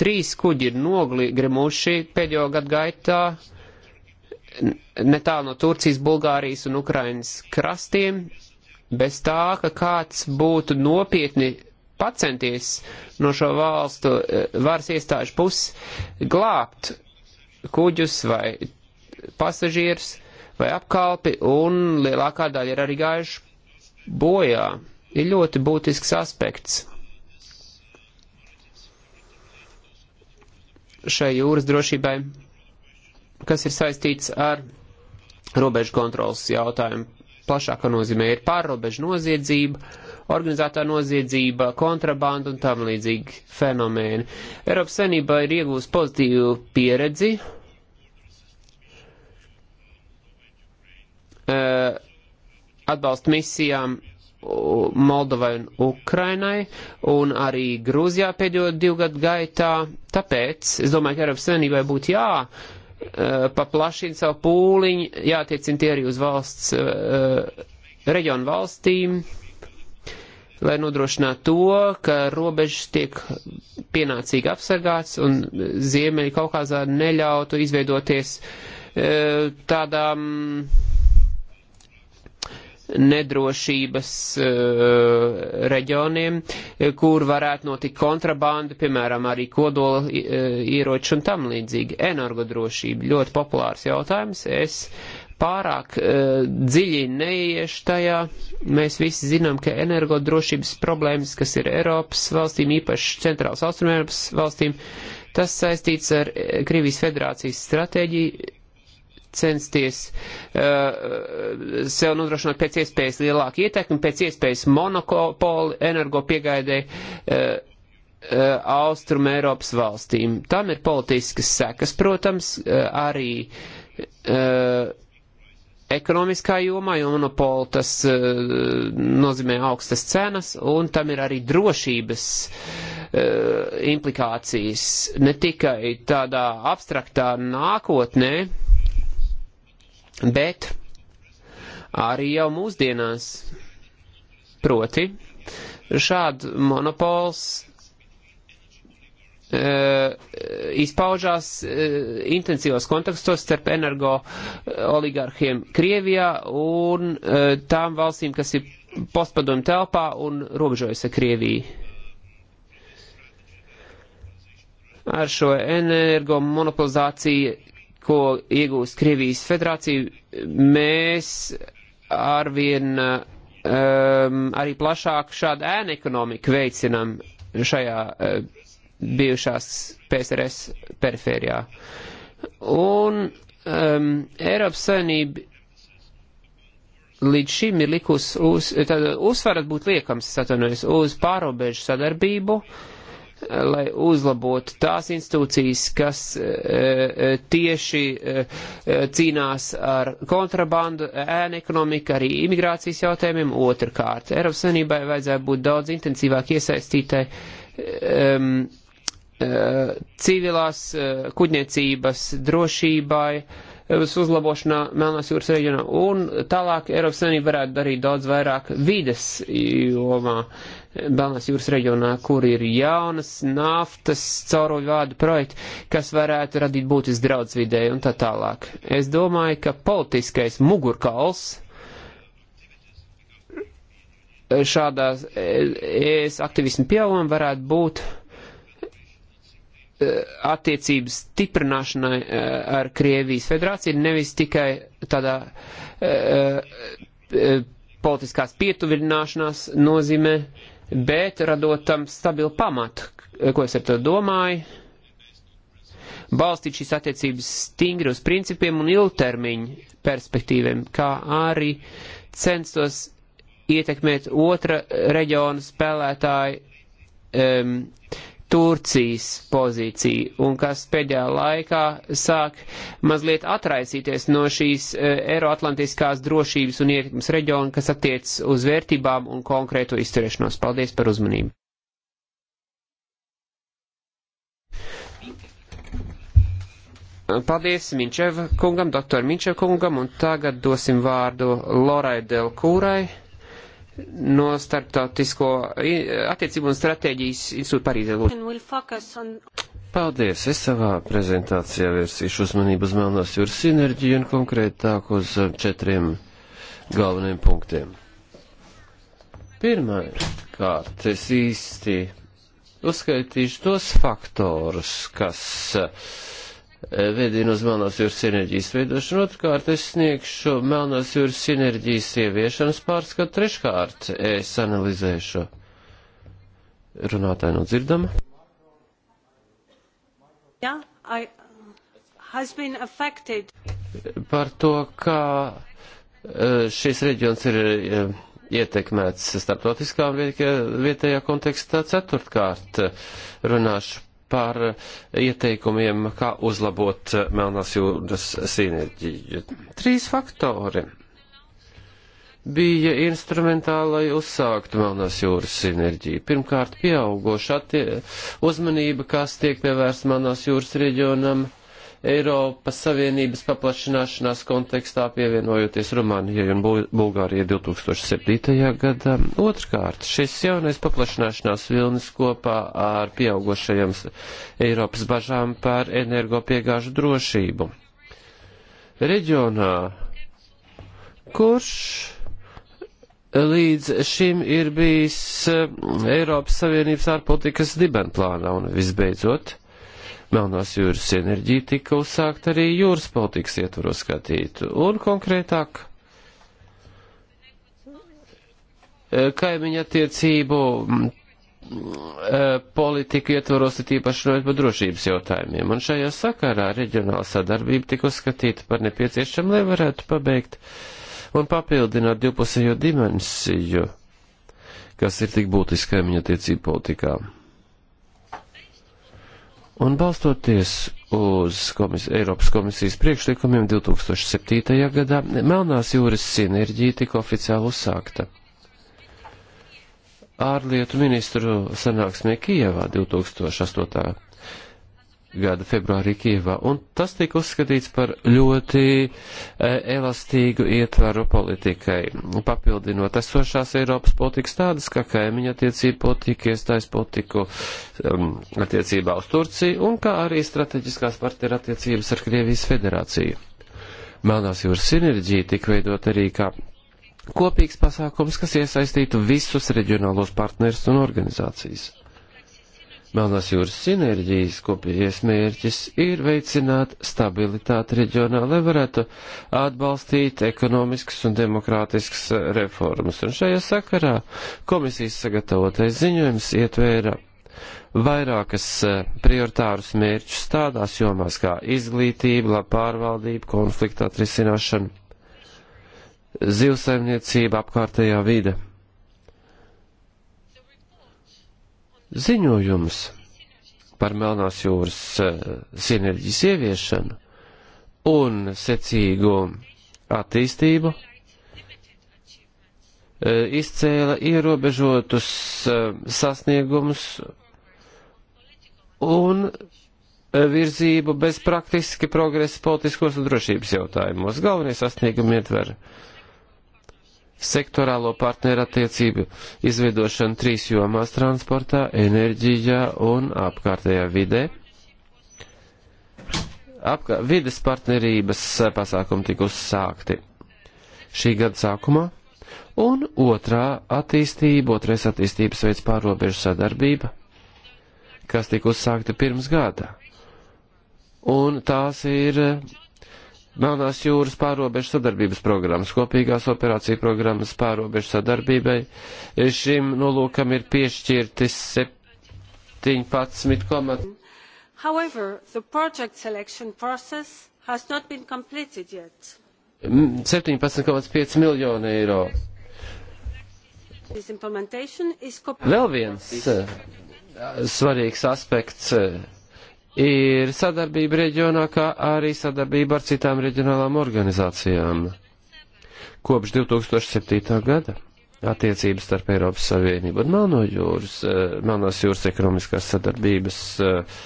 trīs kuģi ir nogrimuši pēdējo gadu gaitā netālu no Turcijas, Bulgārijas un Ukrainas krastiem, bez tā, ka kāds būtu nopietni pacenties no šo valstu eh, varas iestāžu puses glābt kuģus vai pasažierus vai apkalpi, un lielākā daļa ir arī gājuši bojā. Ir ļoti būtisks aspekts. šai jūras drošībai, kas ir saistīts ar robežu kontrolas jautājumu. Plašākā nozīmē ir pārrobežu noziedzība, organizētā noziedzība, kontrabanda un tam līdzīgi fenomēni. Eiropas senībā ir iegūst pozitīvu pieredzi. E, atbalstu misijām Moldovai un Ukrainai, un arī Grūzijā pēdējo divu gadu gaitā. Tāpēc es domāju, ka Eiropas Savienībai būtu jā e, paplašina savu pūliņu, jātiecina tie arī uz valsts, e, reģionu valstīm, lai nodrošinātu to, ka robežas tiek pienācīgi apsargāts un Ziemeļa Kaukazā neļautu izveidoties e, tādām nedrošības uh, reģioniem, kur varētu notikt kontrabanda, piemēram, arī kodola uh, ieroči un tam līdzīgi. Energodrošība ļoti populārs jautājums. Es pārāk uh, dziļi neiešu tajā. Mēs visi zinām, ka energodrošības problēmas, kas ir Eiropas valstīm, īpaši centrālas austrumēropas valstīm, tas saistīts ar eh, Krievijas federācijas stratēģiju censties uh, sev nodrošināt pēc iespējas lielāku ietekmi, pēc iespējas monopolu energo piegaidē uh, Austrum Eiropas valstīm. Tam ir politiskas sekas, protams, arī uh, ekonomiskā jomā, jo monopolu tas eh, nozīmē augstas cenas, un tam ir arī drošības eh, implikācijas ne tikai tādā abstraktā nākotnē, bet arī jau mūsdienās. Proti, šāds monopols Eh, izpaužās eh, intensīvos kontekstos starp energo eh, oligarhiem Krievijā un tām valstīm, kas ir postpadomu telpā un robežojas ar Krieviju. Ar šo energo monopolizāciju, ko iegūst Krievijas federācija, mēs arvien um, arī plašāk šādu ēnu ekonomiku veicinam šajā uh, bijušās PSRS perifērijā. Un um, Eiropas Savienība līdz šim ir likus uz, tad uzsvarat būt liekams, atvainojos, uz pārobežu sadarbību, lai uzlabotu tās institūcijas, kas e, e tieši e, e, cīnās ar kontrabandu, ēnu ekonomiku, arī imigrācijas jautājumiem. Otrkārt, Eiropas Savienībai vajadzētu būt daudz intensīvāk iesaistītai um, Eh, civilās eh, kuģniecības drošībai, eh, uzlabošanā Melnās jūras reģionā. Un tālāk Eiropas Savienība varētu darīt daudz vairāk vides jomā Melnās jūras reģionā, kur ir jaunas naftas cauruļvādu projekti, kas varētu radīt būtis draudz vidē un tā tālāk. Es domāju, ka politiskais mugurkauls šādās es aktivismu pieaugumam varētu būt Eh, attiecības stiprināšanai eh, ar Krievijas federāciju, nevis tikai tādā eh, politiskās pietuvināšanās nozīmē, bet radot tam stabilu pamatu. Ko es ar to domāju? Balstīt šīs attiecības stingri uz principiem un ilgtermiņu perspektīviem, kā arī censtos ietekmēt otra reģiona spēlētāju um, Turcijas pozīciju un kas pēdējā laikā sāk mazliet atraisīties no šīs e, Eiroatlantiskās drošības un ietekmes reģiona, kas attiec uz vērtībām un konkrēto izturēšanos. Paldies par uzmanību. Paldies Minčev kungam, doktor Minčev kungam, un tagad dosim vārdu Lorai Delkūrai no starptautisko attiecību un stratēģijas institūta Parīzē. Paldies! Es savā prezentācijā vērsīšu uzmanību uz Melnās jūras sinerģiju un konkrētāk uz eh, četriem galveniem punktiem. Pirmkārt, es īsti uzskaitīšu tos faktorus, kas uh, vedina uz Melnās jūras sinerģijas veidošanu. Otrkārt, es sniegšu Melnās jūras sinerģijas ieviešanas pārskatu. Treškārt, es analizēšu runātāju no dzirdama. Yeah, I, uh, Par to, kā uh, šis reģions ir uh, ietekmēts starptautiskā vietējā kontekstā. Ceturtkārt, runāšu par eh, ieteikumiem, kā uzlabot eh, Melnās jūras sinerģiju. Trīs faktori bija instrumentāli, lai uzsāktu Melnās jūras sinerģiju. Pirmkārt, pieaugoša uzmanība, kas tiek pievērsta Melnās jūras reģionam Eiropas Savienības paplašināšanās kontekstā pievienojoties Rumānijai un Bulgārijai 2007. gadā. Otrkārt, šis jaunais paplašināšanās vilnis kopā ar pieaugušajiem Eiropas bažām par energopiegāžu drošību. Reģionā, kurš līdz šim ir bijis eh, Eiropas Savienības ārpolitikas dibenplānā un visbeidzot, Melnās jūras enerģija tika uzsākt arī jūras politikas ietvaros skatīt. Un konkrētāk, e, kaimiņa attiecību e, politiku ietvaros ir tīpaši runājot par drošības jautājumiem, un šajā sakarā reģionāla sadarbība tika uzskatīta par nepieciešamu, lai varētu pabeigt un papildināt divpusējo dimensiju, kas ir tik būtiska kaimiņa attiecību politikā. Un balstoties uz komis Eiropas komisijas priekšlikumiem 2007. gadā, Melnās jūras sinerģija tika oficiāli uzsākta. Ārlietu ministru sanāksmē Kijevā 2008 gada februārī Kievā, un tas tika uzskatīts par ļoti e, elastīgu ietvaru politikai, papildinot esošās Eiropas politikas tādas, kā kaimiņa attiecība politika, iestājas politiku um, attiecībā uz Turciju, un kā arī strateģiskās partneru attiecības ar Krievijas federāciju. Melnās jūras sinerģija tika veidot arī kā kopīgs pasākums, kas iesaistītu visus reģionālos partnerus un organizācijas. Melnās jūras sinerģijas kopējais mērķis ir veicināt stabilitāti reģionā, lai varētu atbalstīt ekonomiskas un demokrātiskas reformas. Un šajā sakarā komisijas sagatavotais ziņojums ietvēra vairākas eh, prioritārus mērķus tādās jomās kā izglītība, labā pārvaldība, konflikta atrisināšana, zivsaimniecība, apkārtējā vide. Ziņojums par Melnās jūras eh, sinerģijas ieviešanu un secīgu attīstību eh, izcēla ierobežotus eh, sasniegumus un virzību bez praktiski progresa politiskos un drošības jautājumos. Galvenie sasniegumi ietver uh, sektorālo partnerattiecību izveidošanu trīs jomās - transportā, enerģijā un apkārtējā vidē. Apkār vides partnerības pasākumi tika uzsākti šī gada sākumā, un otrā attīstība, otrais attīstības veids pārrobežu sadarbība, kas tika uzsākta pirms gada. Un tās ir Melnās jūras pārobežu sadarbības programmas, kopīgās operāciju programmas pārobežu sadarbībai. Šim nolūkam ir piešķirti 17 komat. However, the project selection process has not been completed yet. 17,5 miljonu eiro. Vēl viens eh, svarīgs aspekts eh, ir sadarbība reģionā, kā arī sadarbība ar citām reģionālām organizācijām. Kopš 2007. gada attiecības starp Eiropas Savienību un Melno jūras, eh, Melnās jūras ekonomiskās sadarbības eh,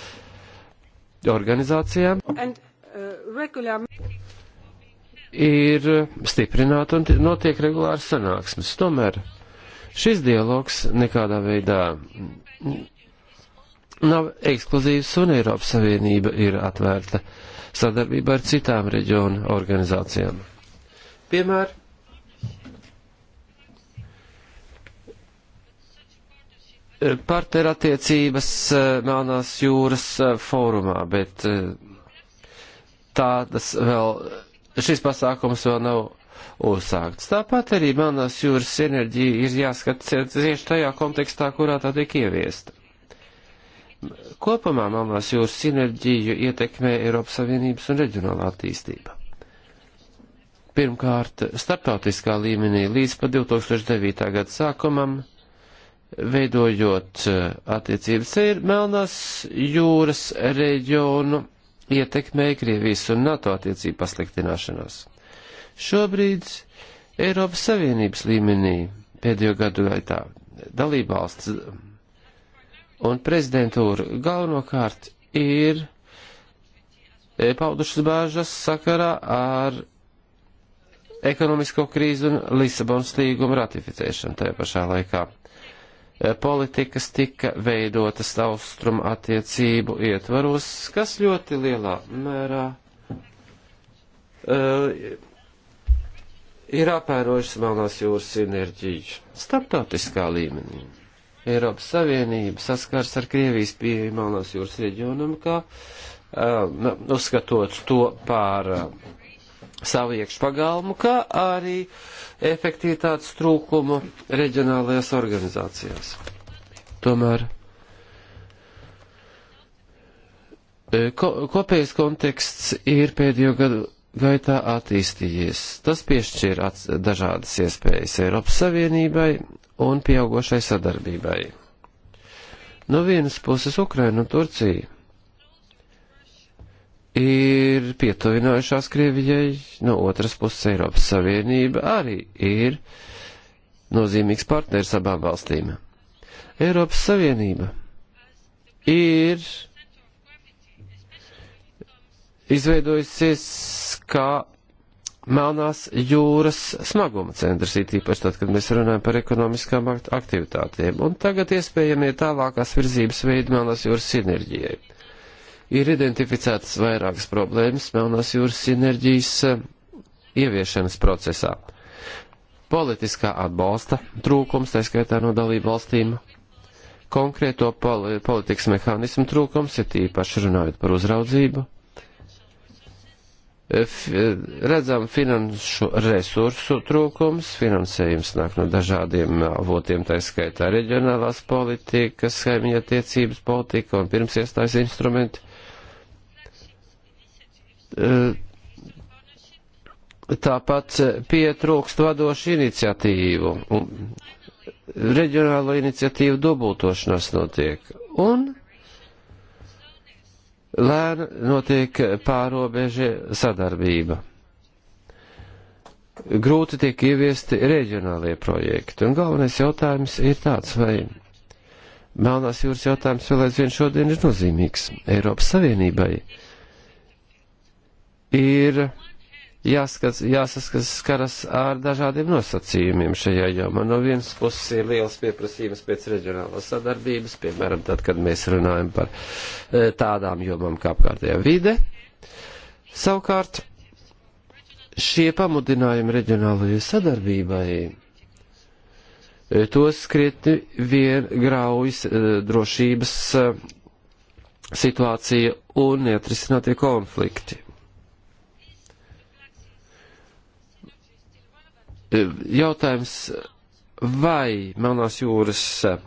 organizācijām And, uh, regular... ir stiprināta un notiek regulāri sanāksmes. Tomēr šis dialogs nekādā veidā nav ekskluzīvs un Eiropas Savienība ir atvērta sadarbībā ar citām reģionu organizācijām. Piemēram, partnerattiecības eh, Melnās jūras eh, fórumā, bet eh, tādas vēl, šis pasākums vēl nav uzsākts. Tāpat arī Melnās jūras enerģija ir jāskatās tieši tajā kontekstā, kurā tā tiek ieviesta. Kopumā Melnās jūras sinerģiju ietekmē Eiropas Savienības un reģionāla attīstība. Pirmkārt, starptautiskā līmenī līdz pa 2009. gada sākumam, veidojot eh, attiecības ar Melnās jūras reģionu, ietekmēja Krievijas un NATO attiecību pasliktināšanās. Šobrīd Eiropas Savienības līmenī pēdējo gadu gaitā dalībvalsts un prezidentūra galvenokārt ir e, paudušas bāžas sakarā ar ekonomisko krīzi un Lisabonas līguma ratificēšanu tajā pašā laikā. E, politikas tika veidotas austrumu attiecību ietvaros, kas ļoti lielā mērā uh, ir apērojušas Melnās jūras sinerģiju starptautiskā līmenī. Eiropas Savienība saskars ar Krievijas pieeju Melnās jūras reģionam, kā uh, uzskatot to par uh, savu iekšpagalmu, kā arī efektivitātes trūkumu reģionālajās organizācijās. Tomēr eh, ko, kopējais konteksts ir pēdējo gadu gaitā attīstījies. Tas piešķir dažādas iespējas Eiropas Savienībai un pieaugošai sadarbībai. No vienas puses Ukraina un Turcija ir pietuvinājušās Krievijai, no otras puses Eiropas Savienība arī ir nozīmīgs partners abām valstīm. Eiropas Savienība ir izveidojusies kā Melnās jūras smaguma centrs, it īpaši tad, kad mēs runājam par ekonomiskām aktivitātēm. Un tagad iespējamie tālākās virzības veidi Melnās jūras sinerģijai. Ir identificētas vairākas problēmas Melnās jūras sinerģijas eh, ieviešanas procesā. Politiskā atbalsta trūkums, tā skaitā no dalību valstīm, konkrēto poli politikas mehānismu trūkums, ir tīpaši runājot par uzraudzību, redzam finanšu resursu trūkums, finansējums nāk no dažādiem avotiem, tā skaitā reģionālās politikas, kaimiņa attiecības politika un pirms iestājas instrumenti. E, tāpat pietrūkst vadošu iniciatīvu, reģionālo iniciatīvu dubultošanās notiek. Un lēni notiek pārobeža sadarbība. Grūti tiek ieviesti reģionālie projekti, un galvenais jautājums ir tāds, vai Melnās jūras jautājums vēl aizvien šodien ir nozīmīgs Eiropas Savienībai. Ir jāskatās, jāsaskaras ar dažādiem nosacījumiem šajā jomā. No vienas puses ir liels pieprasījums pēc reģionālās sadarbības, piemēram, tad, kad mēs runājam par e, tādām jomām kā apkārtējā vide. Savukārt, šie pamudinājumi reģionālajai sadarbībai e, tos krietni vien graujas e, drošības situācija un neatrisinātie konflikti. Jautājums, vai Melnās jūras eh,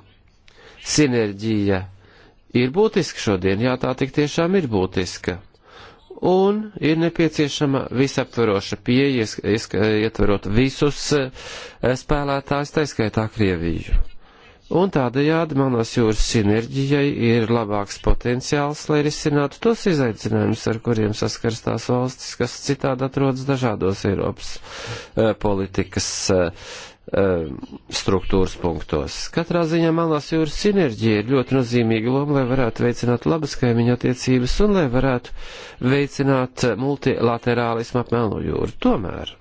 sinerģija ir būtiska šodien? Jā, tā tik tiešām ir būtiska. Un ir nepieciešama visaptveroša pieeja, ietverot visus eh, spēlētājus, taiskaitā Krieviju. Un tādējādi Melnās jūras sinerģijai ir labāks potenciāls, lai risinātu tos izaicinājumus, ar kuriem saskars tās valstis, kas citādi atrodas dažādos Eiropas uh, politikas uh, struktūras punktos. Katrā ziņā Melnās jūras sinerģija ir ļoti nozīmīga loma, lai varētu veicināt labas kaimiņu attiecības un lai varētu veicināt multilaterālismu ap Melno jūru. Tomēr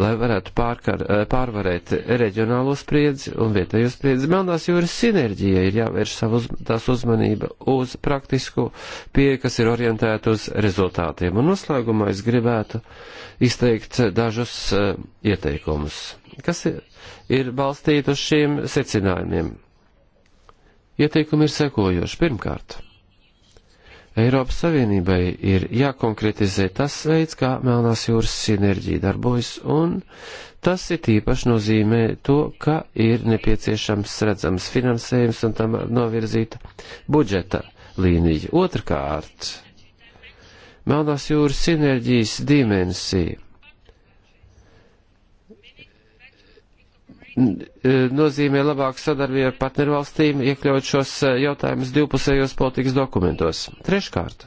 lai varētu pārkar, eh, pārvarēt reģionālo spriedzi un vietējo spriedzi. Melnās jūras sinerģija ir jāvērš savu uz, tās uzmanība uz praktisku pieeju, kas ir orientēta uz rezultātiem. Un noslēgumā es gribētu izteikt dažus uh, ieteikumus, kas ir, ir balstīti uz šiem secinājumiem. Ieteikumi ir sekojoši. Pirmkārt. Eiropas Savienībai ir jākonkretizē tas veids, kā Melnās jūras sinerģija darbojas, un tas ir īpaši nozīmē to, ka ir nepieciešams redzams finansējums un tam novirzīta budžeta līnija. Otrkārt, Melnās jūras sinerģijas dimensija E, nozīmē labāku sadarbību ar partnervalstīm, iekļaut šos e, jautājumus divpusējos politikas dokumentos. Treškārt,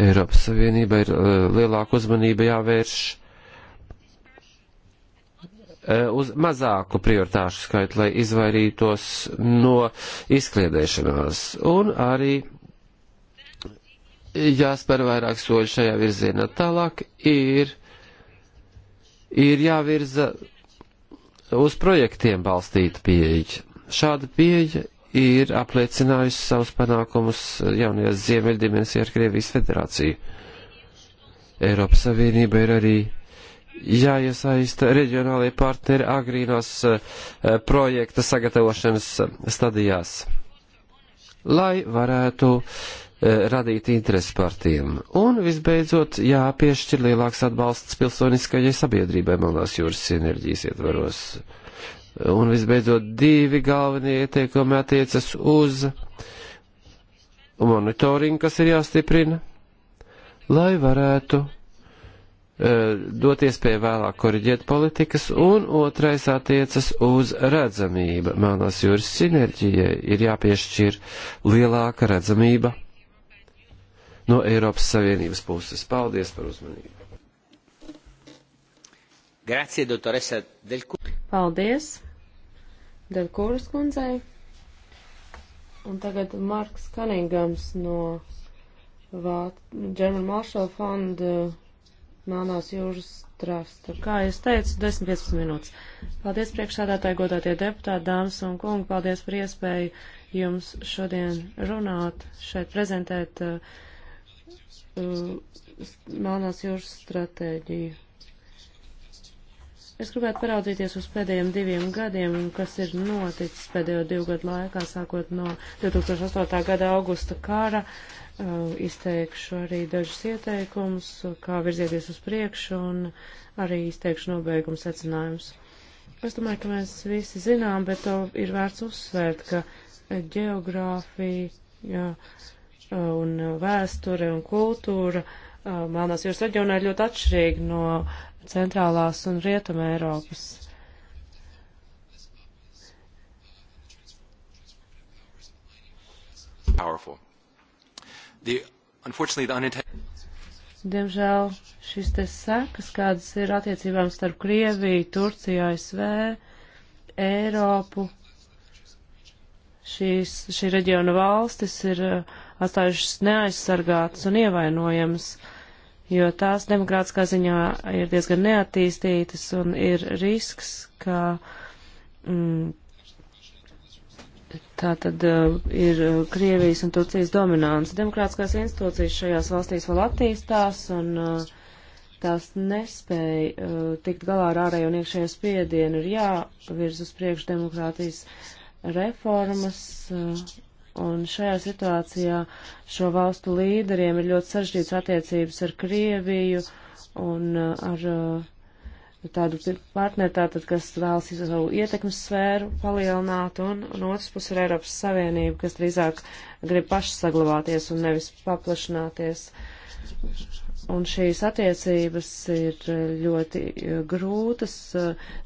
Eiropas Savienība ir e, lielāka uzmanība jāvērš uz mazāku prioritāšu skaitu, lai izvairītos no izkliedēšanās. Un arī jāspēr vairāk soļi šajā virzienā. Tālāk ir, ir jāvirza uz projektiem balstīta pieeja. Šāda pieeja ir apliecinājusi savus panākumus jaunajās Ziemeļdimensijā ar Krievijas federāciju. Eiropas Savienība ir arī jāiesaista reģionālajie partneri agrīnos eh, projekta sagatavošanas stadijās, lai varētu Eh, radīt interesi par tiem. Un, visbeidzot, jāpiešķir lielāks atbalsts pilsoniskajai sabiedrībai Melnās jūras sinerģijas ietvaros. Un, visbeidzot, divi galvenie ieteikumi attiecas uz monitoringu, kas ir jāstiprina, lai varētu eh, doties pie vēlāk koriģēt politikas, un otrais attiecas uz redzamību. Melnās jūras sinerģijai ir jāpiešķir lielāka redzamība no Eiropas Savienības puses. Paldies par uzmanību! Grazie, doktoresa Delkur. Paldies Delkuras kundzei. Un tagad Marks Kaningams no Vāt, German Marshall Fund uh, Melnās jūras trasta. Kā es teicu, 10-15 minūtes. Paldies priekšsādātāji, godātie deputāti, dāmas un kungi. Paldies par iespēju jums šodien runāt, šeit prezentēt uh, Uh, Melnās jūras stratēģiju. Es gribētu paraudzīties uz pēdējiem diviem gadiem un kas ir noticis pēdējo divu gadu laikā, sākot no 2008. gada augusta kara. Uh, izteikšu arī dažus ieteikumus, kā virzieties uz priekšu un arī izteikšu nobeigumu secinājumus. Es domāju, ka mēs visi zinām, bet to ir vērts uzsvērt, ka geogrāfija, jā, uh, un vēsture un kultūra uh, Melnās jūras reģionā ir ļoti atšķirīga no centrālās un rietuma Eiropas. Powerful. The, unfortunately, the unintended diemžēl šis te sekas, kādas ir attiecībām starp Krieviju, Turciju, ASV, Eiropu, šīs, šī reģiona valstis ir uh, atstājušas neaizsargātas un ievainojamas, jo tās demokrātiskā ziņā ir diezgan neattīstītas un ir risks, ka mm, tā tad uh, ir uh, Krievijas un Turcijas dominants. Demokrātiskās institūcijas šajās valstīs vēl attīstās un uh, tās nespēja uh, tikt galā ar ārējo un iekšējo spiedienu, ir jāvirz uz priekšu demokrātijas reformas, uh, Un šajā situācijā šo valstu līderiem ir ļoti sažģīts attiecības ar Krieviju un uh, ar uh, tādu partneri, tātad, kas vēlas savu ietekmes sfēru palielināt, un, un otrs puses ir Eiropas Savienība, kas drīzāk grib paši saglabāties un nevis paplašināties. Un šīs attiecības ir uh, ļoti grūtas,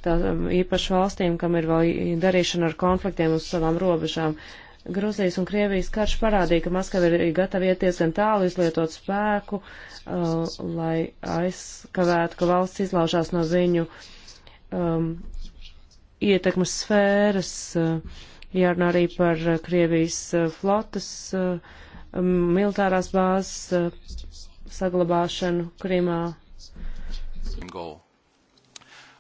tā, īpaši valstīm, kam ir vēl darīšana ar konfliktiem uz savām robežām. Uh, Gruzijas un Krievijas karš parādīja, ka Maskava ir gatava iet diezgan tālu, izlietot spēku, uh, lai aizkavētu, ka valsts izlaužās no viņu um, ietekmes sfēras. Uh, jārunā arī par uh, Krievijas uh, flotas uh, militārās bāzes uh, saglabāšanu Krimā. Goal.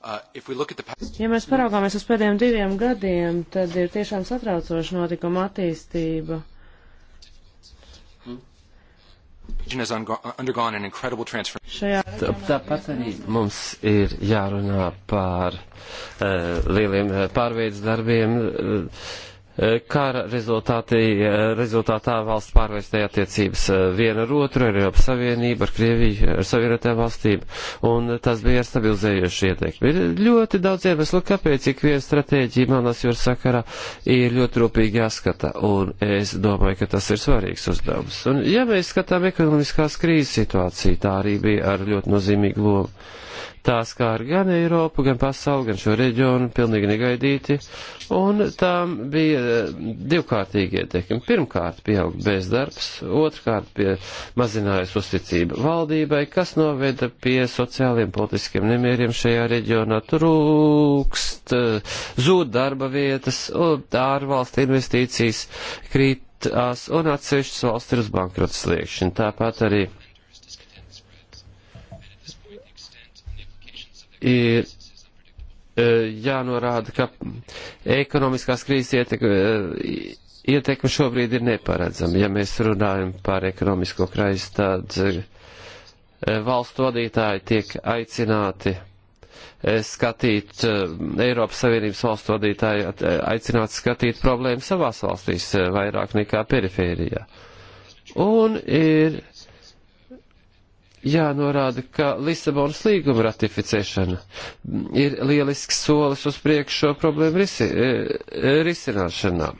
Uh, ja mēs paraugāmies uz pēdējiem diviem gadiem, tad ir tiešām satraucoša notikuma attīstība. Šajā tāpat arī mums ir jārunā par uh, lieliem uh, pārveids darbiem. Uh, kara rezultātā valsts pārvērstīja attiecības eh, viena ar otru, ar Eiropas Savienību, ar Krieviju, ar Savienotajām valstīm, un tas bija ar stabilizējuši ieteikumi. Ir ļoti daudz iemeslu, kāpēc ik viena stratēģija Melnās jūras sakarā ir ļoti rūpīgi jāskata, un es domāju, ka tas ir svarīgs uzdevums. Un ja mēs skatām ekonomiskās krīzes situāciju, tā arī bija ar ļoti nozīmīgu lomu Tās kā ar gan Eiropu, gan pasauli, gan šo reģionu pilnīgi negaidīti, un tām bija eh, divkārtīgi ietekmi. Pirmkārt, pieaug bezdarbs, otrkārt, pie mazinājas uzticība valdībai, kas noveda pie sociāliem politiskiem nemieriem šajā reģionā. Trūkst, eh, zūd darba vietas, ārvalstu investīcijas krīt tās un atsevišķas valsts ir uz bankrota sliekšņa. Tāpat arī ir e, jānorāda, ka ekonomiskās krīzes ietekme, e, ietekme šobrīd ir neparedzama. Ja mēs runājam par ekonomisko krīzi, tad e, valstu vadītāji tiek aicināti skatīt, Eiropas Savienības valstu vadītāji aicināti skatīt problēmu savās valstīs vairāk nekā perifērijā. Un ir jānorāda, ka Lisabonas līguma ratificēšana ir lielisks solis uz priekšu šo problēmu risi, e, risināšanā.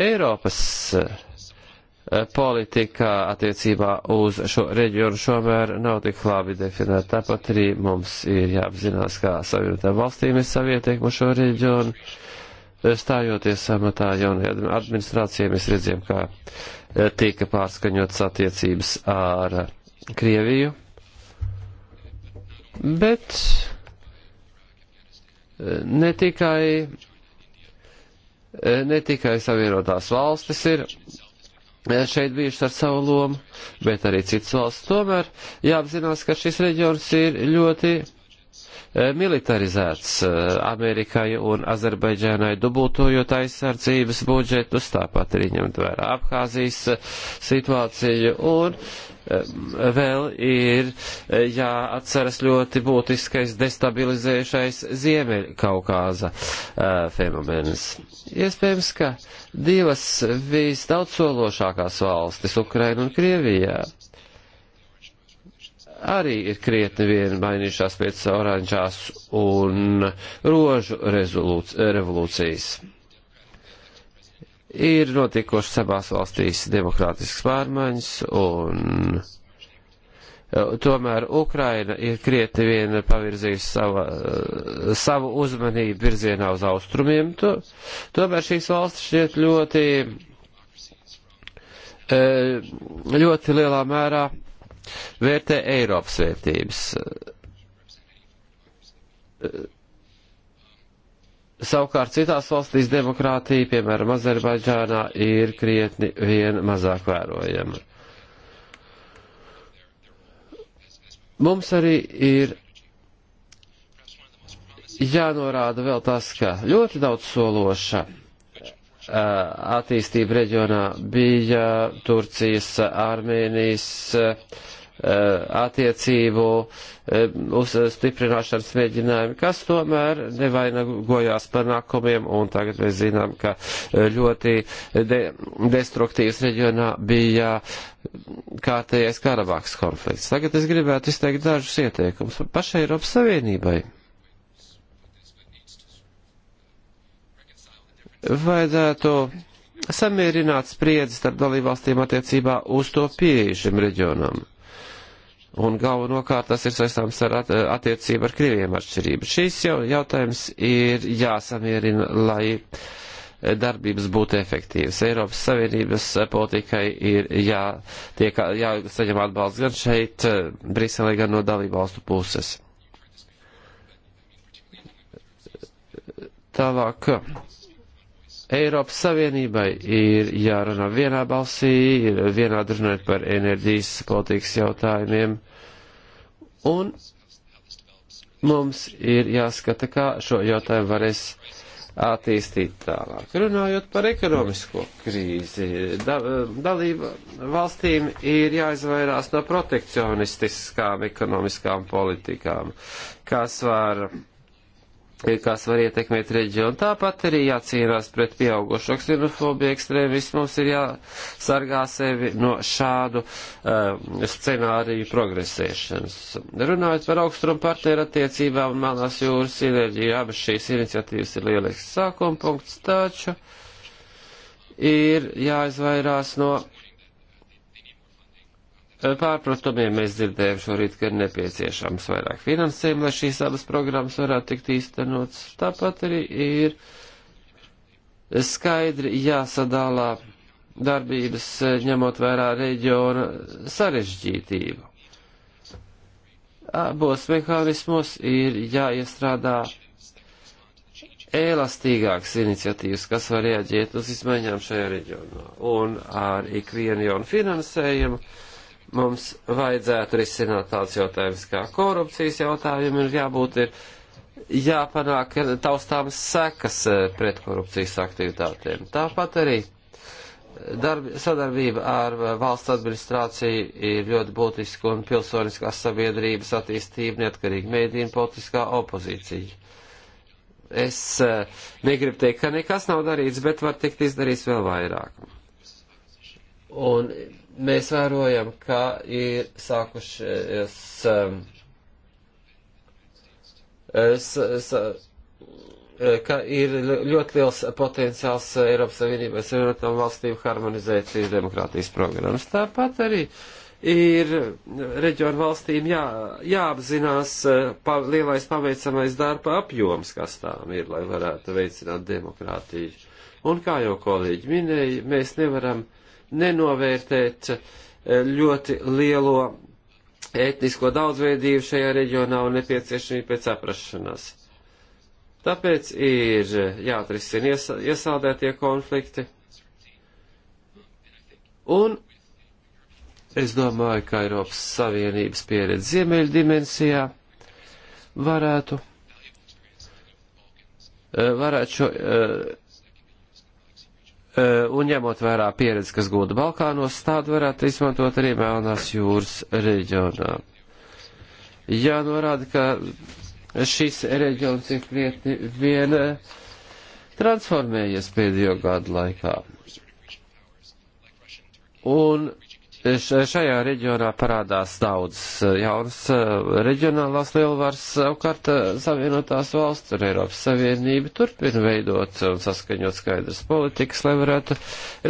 Eiropas e, politikā attiecībā uz šo reģionu šomēr nav tik labi definēta. Tāpat arī mums ir jāapzinās, kā savienotām valstīm ir savieteikumu šo reģionu e, stājoties amatā jaunajā administrācijā, mēs redzējām, kā tika pārskaņotas attiecības ar Krieviju, bet eh, ne tikai, eh, ne tikai Savienotās valstis ir eh, šeit bijušas ar savu lomu, bet arī citas valsts. Tomēr jāapzinās, ka šis reģions ir ļoti Eh, militarizēts eh, Amerikai un Azerbaidžānai dubultojot aizsardzības budžetus, tāpat arī ņemt vērā Abhāzijas eh, situāciju un vēl ir jāatceras ļoti būtiskais destabilizējušais Ziemeļkaukāza fenomens. Iespējams, ka divas visdaudzsološākās valstis, Ukraina un Krievijā, arī ir krietni vien mainījušās pēc oranžās un rožu revolūcijas. Ir notikušas abās valstīs demokrātiskas pārmaiņas un e, tomēr Ukraina ir krietni vien pavirzījusi sava, e, savu uzmanību virzienā uz austrumiem. To, tomēr šīs valstis šķiet ļoti, e, ļoti lielā mērā vērtē Eiropas vērtības. Savukārt citās valstīs demokrātija, piemēram, Azerbaidžānā, ir krietni vien mazāk vērojama. Mums arī ir jānorāda vēl tas, ka ļoti daudz sološa attīstība reģionā bija Turcijas, Armēnijas, Eh, attiecību eh, uz eh, stiprināšanas mēģinājumi, kas tomēr nevainagojās panākumiem, un tagad mēs zinām, ka ļoti de destruktīvs reģionā bija kārtējais Karabāks konflikts. Tagad es gribētu izteikt dažus ieteikumus pašai Eiropas Savienībai. Vajadzētu samierināt spriedzi starp dalībvalstīm attiecībā uz to pieeju šim reģionam un galvenokārt tas ir saistāms ar at, attiecību ar krieviem atšķirību. Šīs jau jautājums ir jāsamierina, lai darbības būtu efektīvas. Eiropas Savienības politikai ir jā, tiek, jāsaņem atbalsts gan šeit, Briselē, gan no dalībvalstu puses. Tālāk Eiropas Savienībai ir jārunā vienā balsī, ir vienādi runājot par enerģijas politikas jautājumiem, un mums ir jāskata, kā šo jautājumu varēs attīstīt tālāk. Runājot par ekonomisko krīzi, da, dalība valstīm ir jāizvairās no protekcionistiskām ekonomiskām politikām, kas var kas var ietekmēt reģionu. Tāpat arī jācīnās pret pieaugušo ksenofobiju ekstrēmismu. Mums ir jāsargā sevi no šādu um, scenāriju progresēšanas. Runājot par augstrumu partneru attiecībām un Melnās jūras sinerģiju, abas šīs iniciatīvas ir lielisks sākuma punkts, taču ir jāizvairās no Eh, pārpratumiem mēs dzirdējām šorīt, ka ir nepieciešams vairāk finansējumu, lai šīs abas programmas varētu tikt īstenots. Tāpat arī ir skaidri jāsadalā darbības, eh, ņemot vērā reģiona sarežģītību. Abos mehānismos ir jāiestrādā elastīgākas iniciatīvas, kas var reaģēt uz izmaiņām šajā reģionā un ar ikvienu jaunu finansējumu mums vajadzētu risināt tāds jautājums kā korupcijas jautājumi ir jābūt ir jāpanāk taustāmas sekas e, pret korupcijas aktivitātēm. Tāpat arī darb, sadarbība ar e, valsts administrāciju ir ļoti būtiska un pilsoniskās sabiedrības attīstība, neatkarīgi mēdīna, politiskā opozīcija. Es e, negribu teikt, ka nekas nav darīts, bet var tikt izdarīts vēl vairāk. Un mēs vērojam, ka ir sākušies um, es, es, eh, ka ir ļoti liels potenciāls Eiropas Savienības Eiropām valstīm harmonizēt šīs demokrātijas programmas. Tāpat arī ir reģionu valstīm jā, jāapzinās eh, pa, lielais paveicamais darba apjoms, kas tām ir, lai varētu veicināt demokrātiju. Un kā jau kolēģi minēja, mēs nevaram uh, nenovērtēt eh, ļoti lielo etnisko daudzveidību šajā reģionā un nepieciešamību pēc aprašanās. Tāpēc ir eh, jāatrisina ies, iesaldētie konflikti. Un es domāju, ka Eiropas Savienības pieredze ziemeļu dimensijā varētu, eh, varētu šo Eh, un ņemot vērā pieredzi, kas gūta Balkānos, tādu varētu izmantot arī Melnās jūras reģionā. Jānorāda, ka šis reģions ir krietni vien eh, transformējies pēdējo gadu laikā. Un Šajā reģionā parādās daudz eh, jaunas eh, reģionālās lielvaras, savukārt eh, Savienotās valsts un Eiropas Savienība turpina veidot un saskaņot skaidras politikas, lai varētu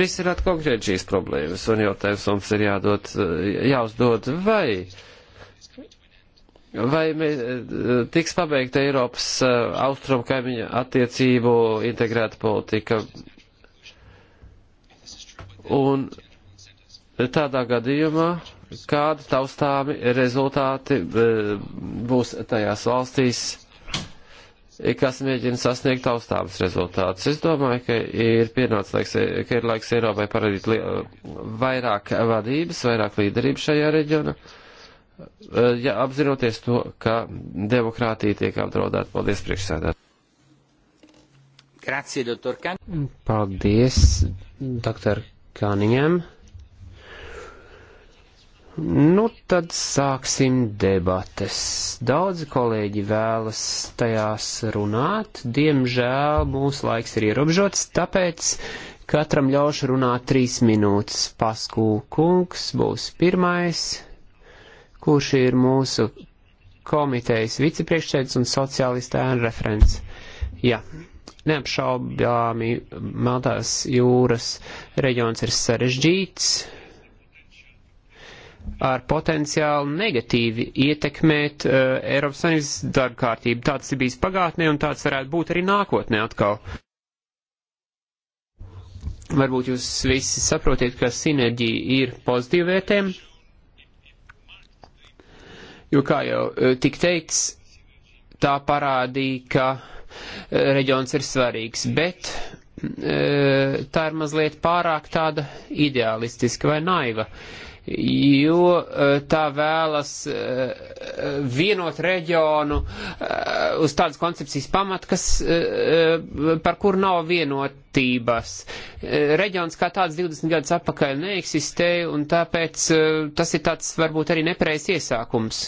risināt konkrēti šīs problēmas. Un jautājums mums ir jādod, jāuzdod, vai, vai mē, tiks pabeigta Eiropas austrumu kaimiņa attiecību integrēta politika. Un tādā gadījumā, kādi taustāmi rezultāti e, būs tajās valstīs, kas mēģina sasniegt taustāmas rezultātus. Es domāju, ka ir pienācis laiks, ka ir laiks Eiropai parādīt vairāk vadības, vairāk līderību šajā reģionā, e, ja apzinoties to, ka demokrātija tiek apdraudēta. Paldies, priekšsēdētāji! Grazie, doktor Kan. Paldies, doktor Kaniņam. Nu, tad sāksim debates. Daudzi kolēģi vēlas tajās runāt. Diemžēl mūsu laiks ir ierobežots, tāpēc katram ļaušu runāt trīs minūtes. Paskū kungs būs pirmais, kurš ir mūsu komitejas vicepriekšsēdus un sociālista ēna referents. Jā, neapšaubāmi Meltās jūras reģions ir sarežģīts ar potenciālu negatīvi ietekmēt uh, Eiropas Savienības darba kārtību. Tāds ir bijis pagātnē un tāds varētu būt arī nākotnē atkal. Varbūt jūs visi saprotiet, ka sinerģija ir pozitīva vērtēm, jo, kā jau uh, tik teikts, tā parādīja, ka uh, reģions ir svarīgs, bet uh, tā ir mazliet pārāk tāda ideālistiska vai naiva. Uh, jo eh, tā vēlas eh, vienot reģionu eh, uz tādas koncepcijas pamata, kas, par kur nav vienotības. Reģions kā tāds 20 gadus atpakaļ neeksistēja, un tāpēc tas ir tāds varbūt arī nepareizs iesākums.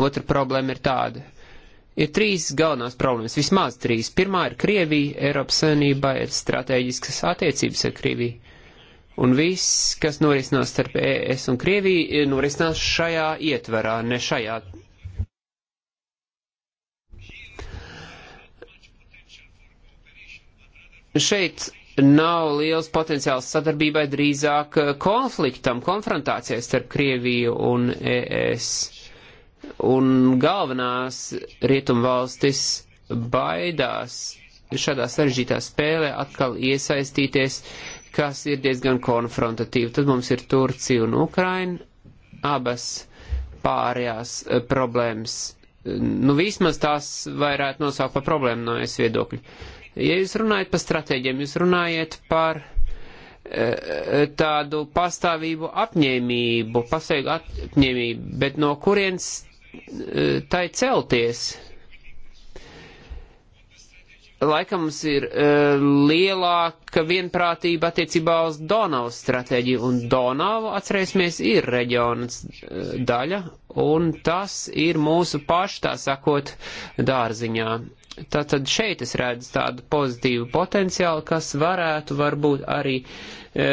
Otra problēma ir tāda. Ir trīs galvenās problēmas, vismaz trīs. Pirmā ir Krievija, Eiropas Savienībā ir strateģiskas attiecības ar Krieviju. Un viss, kas norisinās starp ES un Krieviju, norisinās šajā ietverā, ne šajā. Šeit nav liels potenciāls sadarbībai, drīzāk konfliktam, konfrontācijai starp Krieviju un ES. Un galvenās rietumvalstis baidās šādā sarežģītā spēlē atkal iesaistīties uh, kas ir diezgan konfrontatīva. Tad mums ir Turcija un Ukraina, abas pārējās e, problēmas. E, nu, vismaz tās varētu nosaukt par problēmu no es viedokļa. Ja jūs runājat par stratēģiem, jūs runājat par e, tādu pastāvību apņēmību, pastāvīgu apņēmību, bet no kurienes tai celties? laikam mums ir uh, lielāka vienprātība attiecībā uz Donavas stratēģiju, un Donava, atcerēsimies, ir reģionas uh, eh, daļa, un tas ir mūsu paši, tā sakot, dārziņā. Tātad šeit es redzu tādu pozitīvu potenciālu, kas varētu varbūt arī e,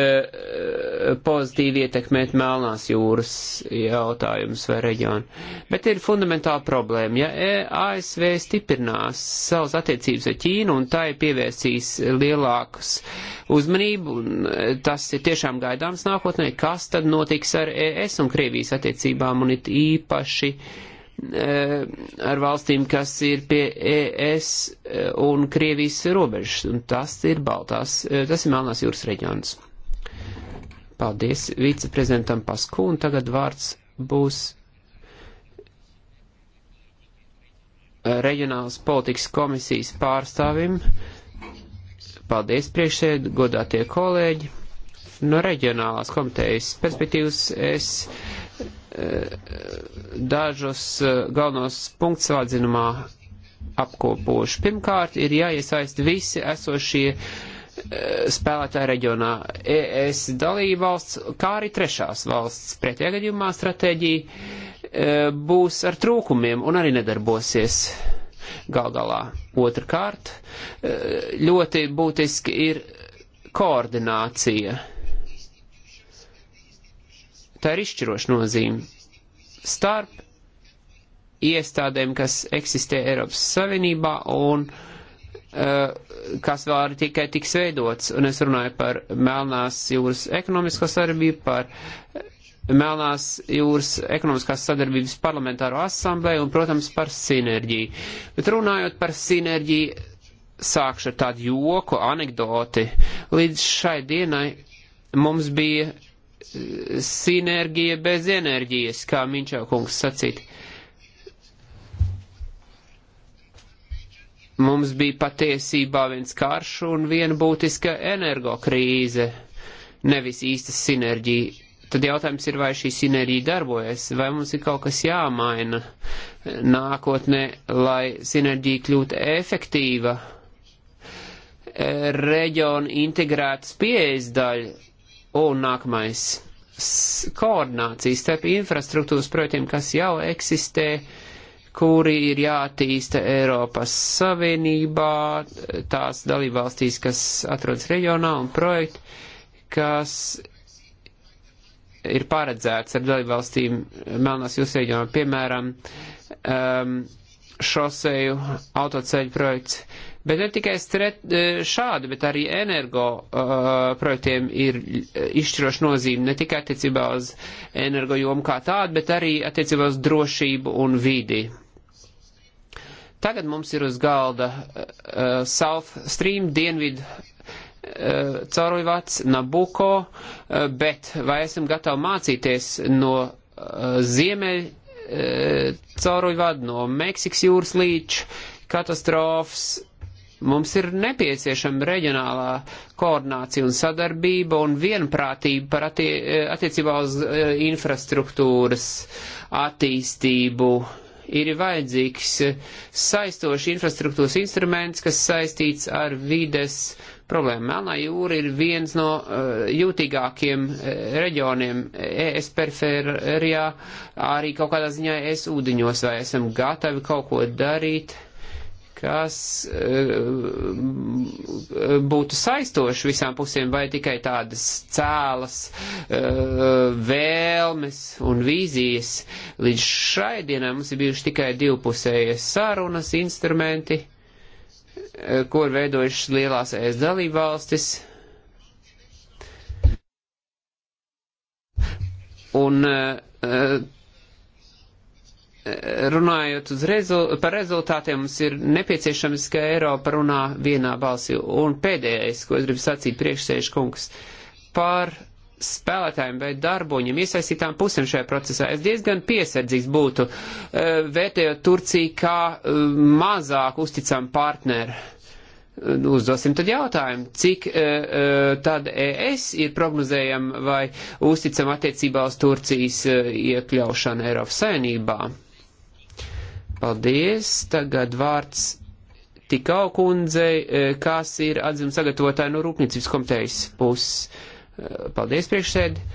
pozitīvi ietekmēt Melnās jūras jautājumus vai reģionu. Bet ir fundamentāla problēma. Ja e, ASV stiprinās savas attiecības ar Ķīnu un tai pievērsīs lielākus uzmanību, e, tas ir tiešām gaidāms nākotnē, kas tad notiks ar ES un Krievijas attiecībām un it īpaši. Uh, Eh, ar valstīm, kas ir pie ES eh, un Krievijas robežas, un tas ir Baltās, eh, tas ir Melnās jūras reģions. Paldies viceprezidentam Pasku, un tagad vārds būs reģionālas politikas komisijas pārstāvim. Paldies priekšsēd, godātie kolēģi. No reģionālās komitejas perspektīvas es dažus eh, galvenos punktus atzinumā apkopošu. Pirmkārt, ir jāiesaist visi esošie eh, spēlētāji reģionā, ES dalībvalsts, kā arī trešās valsts. Pretējā gadījumā stratēģija eh, būs ar trūkumiem un arī nedarbosies gal galā. Otrakārt, ļoti būtiski ir koordinācija tā ir izšķiroša nozīme starp iestādēm, kas eksistē Eiropas Savienībā un uh, kas vēl arī tikai tiks veidots. Un es runāju par Melnās jūras ekonomisko sadarbību, par Melnās jūras ekonomiskās sadarbības parlamentāro asamblēju un, protams, par sinerģiju. Bet runājot par sinerģiju, sākšu ar tādu joku anekdoti. Līdz šai dienai mums bija sinerģija bez enerģijas, kā Minčā kungs sacīt. Mums bija patiesībā viens karš un viena būtiska energokrīze, nevis īsta sinerģija. Tad jautājums ir, vai šī sinerģija darbojas, vai mums ir kaut kas jāmaina nākotnē, lai sinerģija kļūtu efektīva. Reģiona integrētas pieejas daļa Un nākamais - koordinācija starp infrastruktūras projektiem, kas jau eksistē, kuri ir jātīsta Eiropas Savienībā, tās dalībvalstīs, kas atrodas reģionā, un projekti, kas ir paredzēts ar dalībvalstīm Melnās jūras reģionā, piemēram, um, šoseju autoceļu projekts, Bet ne tikai stret, e, šādi, bet arī energo uh, projektiem ir e, izšķiroša nozīme ne tikai attiecībā uz energo jomu kā tādu, bet arī attiecībā uz drošību un vidi. Tagad mums ir uz galda uh, South Stream dienvidu uh, caurvats Nabuko, uh, bet vai esam gatavi mācīties no uh, ziemeļ uh, caurvadu, no Meksikas jūras līča katastrofas, Mums ir nepieciešama reģionālā koordinācija un sadarbība un vienprātība par attie, attiecībā uz e, infrastruktūras attīstību. Ir vajadzīgs saistošs infrastruktūras instruments, kas saistīts ar vides problēmu. Melnā jūra ir viens no uh, jūtīgākiem uh, reģioniem ES perifērijā, arī kaut kādā ziņā ES ūdiņos, vai esam gatavi kaut ko darīt kas eh, būtu saistoši visām pusēm, vai tikai tādas cēlas eh, vēlmes un vīzijas. Līdz šai dienai mums ir bijuši tikai divpusējas sarunas instrumenti, eh, kur veidojušas lielās ES dalībvalstis. Un uh, runājot rezul par rezultātiem, mums ir nepieciešams, ka Eiropa runā vienā balsī. Un pēdējais, ko es gribu sacīt priekšsēžu kungs, par spēlētājiem vai darboņiem iesaistītām pusēm šajā procesā. Es diezgan piesardzīgs būtu, eh, vērtējot Turciju kā eh, mazāk uzticam partneri. Uzdosim tad jautājumu, cik eh, tad ES ir prognozējama vai uzticama attiecībā uz Turcijas iekļaušanu Eiropas saimnībā. Paldies. Tagad vārds tikau kundzei, e, kas ir atzim sagatavotāja no Rūpniecības komitejas puses. E, paldies priekšsēdi.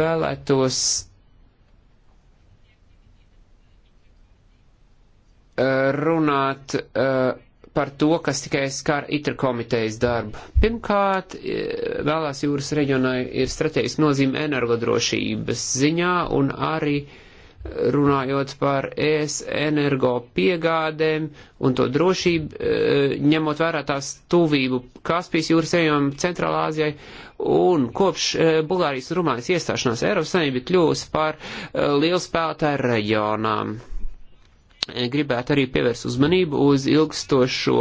Vēlētos e, runāt par to, kas tikai skar itra komitejas darbu. Pirmkārt, vēlās jūras reģionai ir strateģiski nozīme energodrošības ziņā un arī uh, runājot par ES energo piegādēm un to drošību, e, ņemot vērā tās tuvību Kaspijas jūras ejam Centrālā Āzijai. Un kopš e, Bulgārijas un Rumānijas iestāšanās Eiropas Savienība kļūs par e, lielu spēlētāju reģionām gribētu arī pievērst uzmanību uz ilgstošo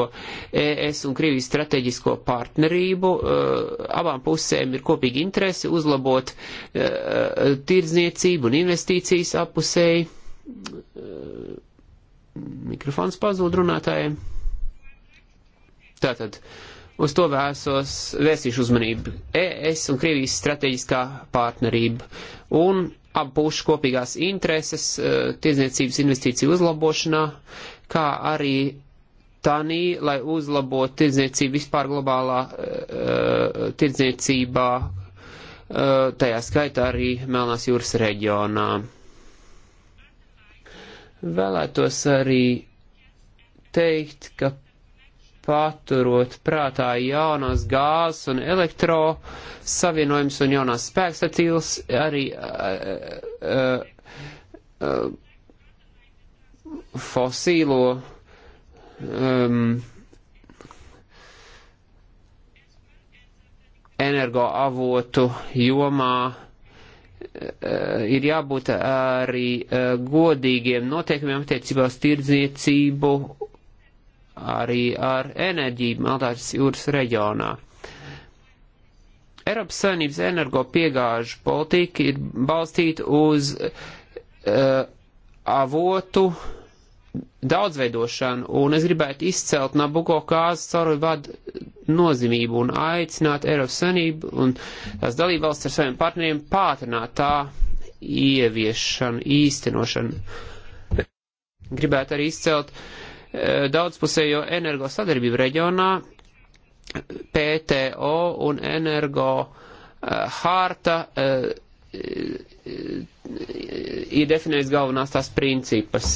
ES un Krievijas strateģisko partnerību. Eh, abām pusēm ir kopīgi interesi uzlabot eh, tirdzniecību un investīcijas apusēji. Eh, mikrofons pazūd runātājiem. Tātad. Uz to vēsos vēsīšu uzmanību. ES un Krievijas strateģiskā partnerība. Un abu pušu kopīgās intereses eh, tirdzniecības investīciju uzlabošanā, kā arī tanī, lai uzlabotu tirdzniecību vispār globālā eh, eh, tirdzniecībā, tajā skaitā arī Melnās jūras reģionā. Vēlētos arī teikt, ka paturot prātā jaunos gāzes un elektro savienojums un jaunās spēkstatīls arī uh, uh, uh, fosīlo um, energoavotu jomā uh, ir jābūt arī uh, godīgiem noteikumiem attiecībā uz tirdzniecību arī ar enerģiju Meltās jūras reģionā. Eiropas Savienības energo piegāžu politika ir balstīta uz uh, avotu daudzveidošanu, un es gribētu izcelt Nabuko kāzas caurvadu nozīmību un aicināt Eiropas Savienību un tās dalībvalsts ar saviem partneriem pātrināt tā ieviešanu, īstenošanu. Gribētu arī izcelt uh, daudzpusējo energo sadarbību reģionā, PTO un energo eh, harta eh, ir definēts galvenās tās principas.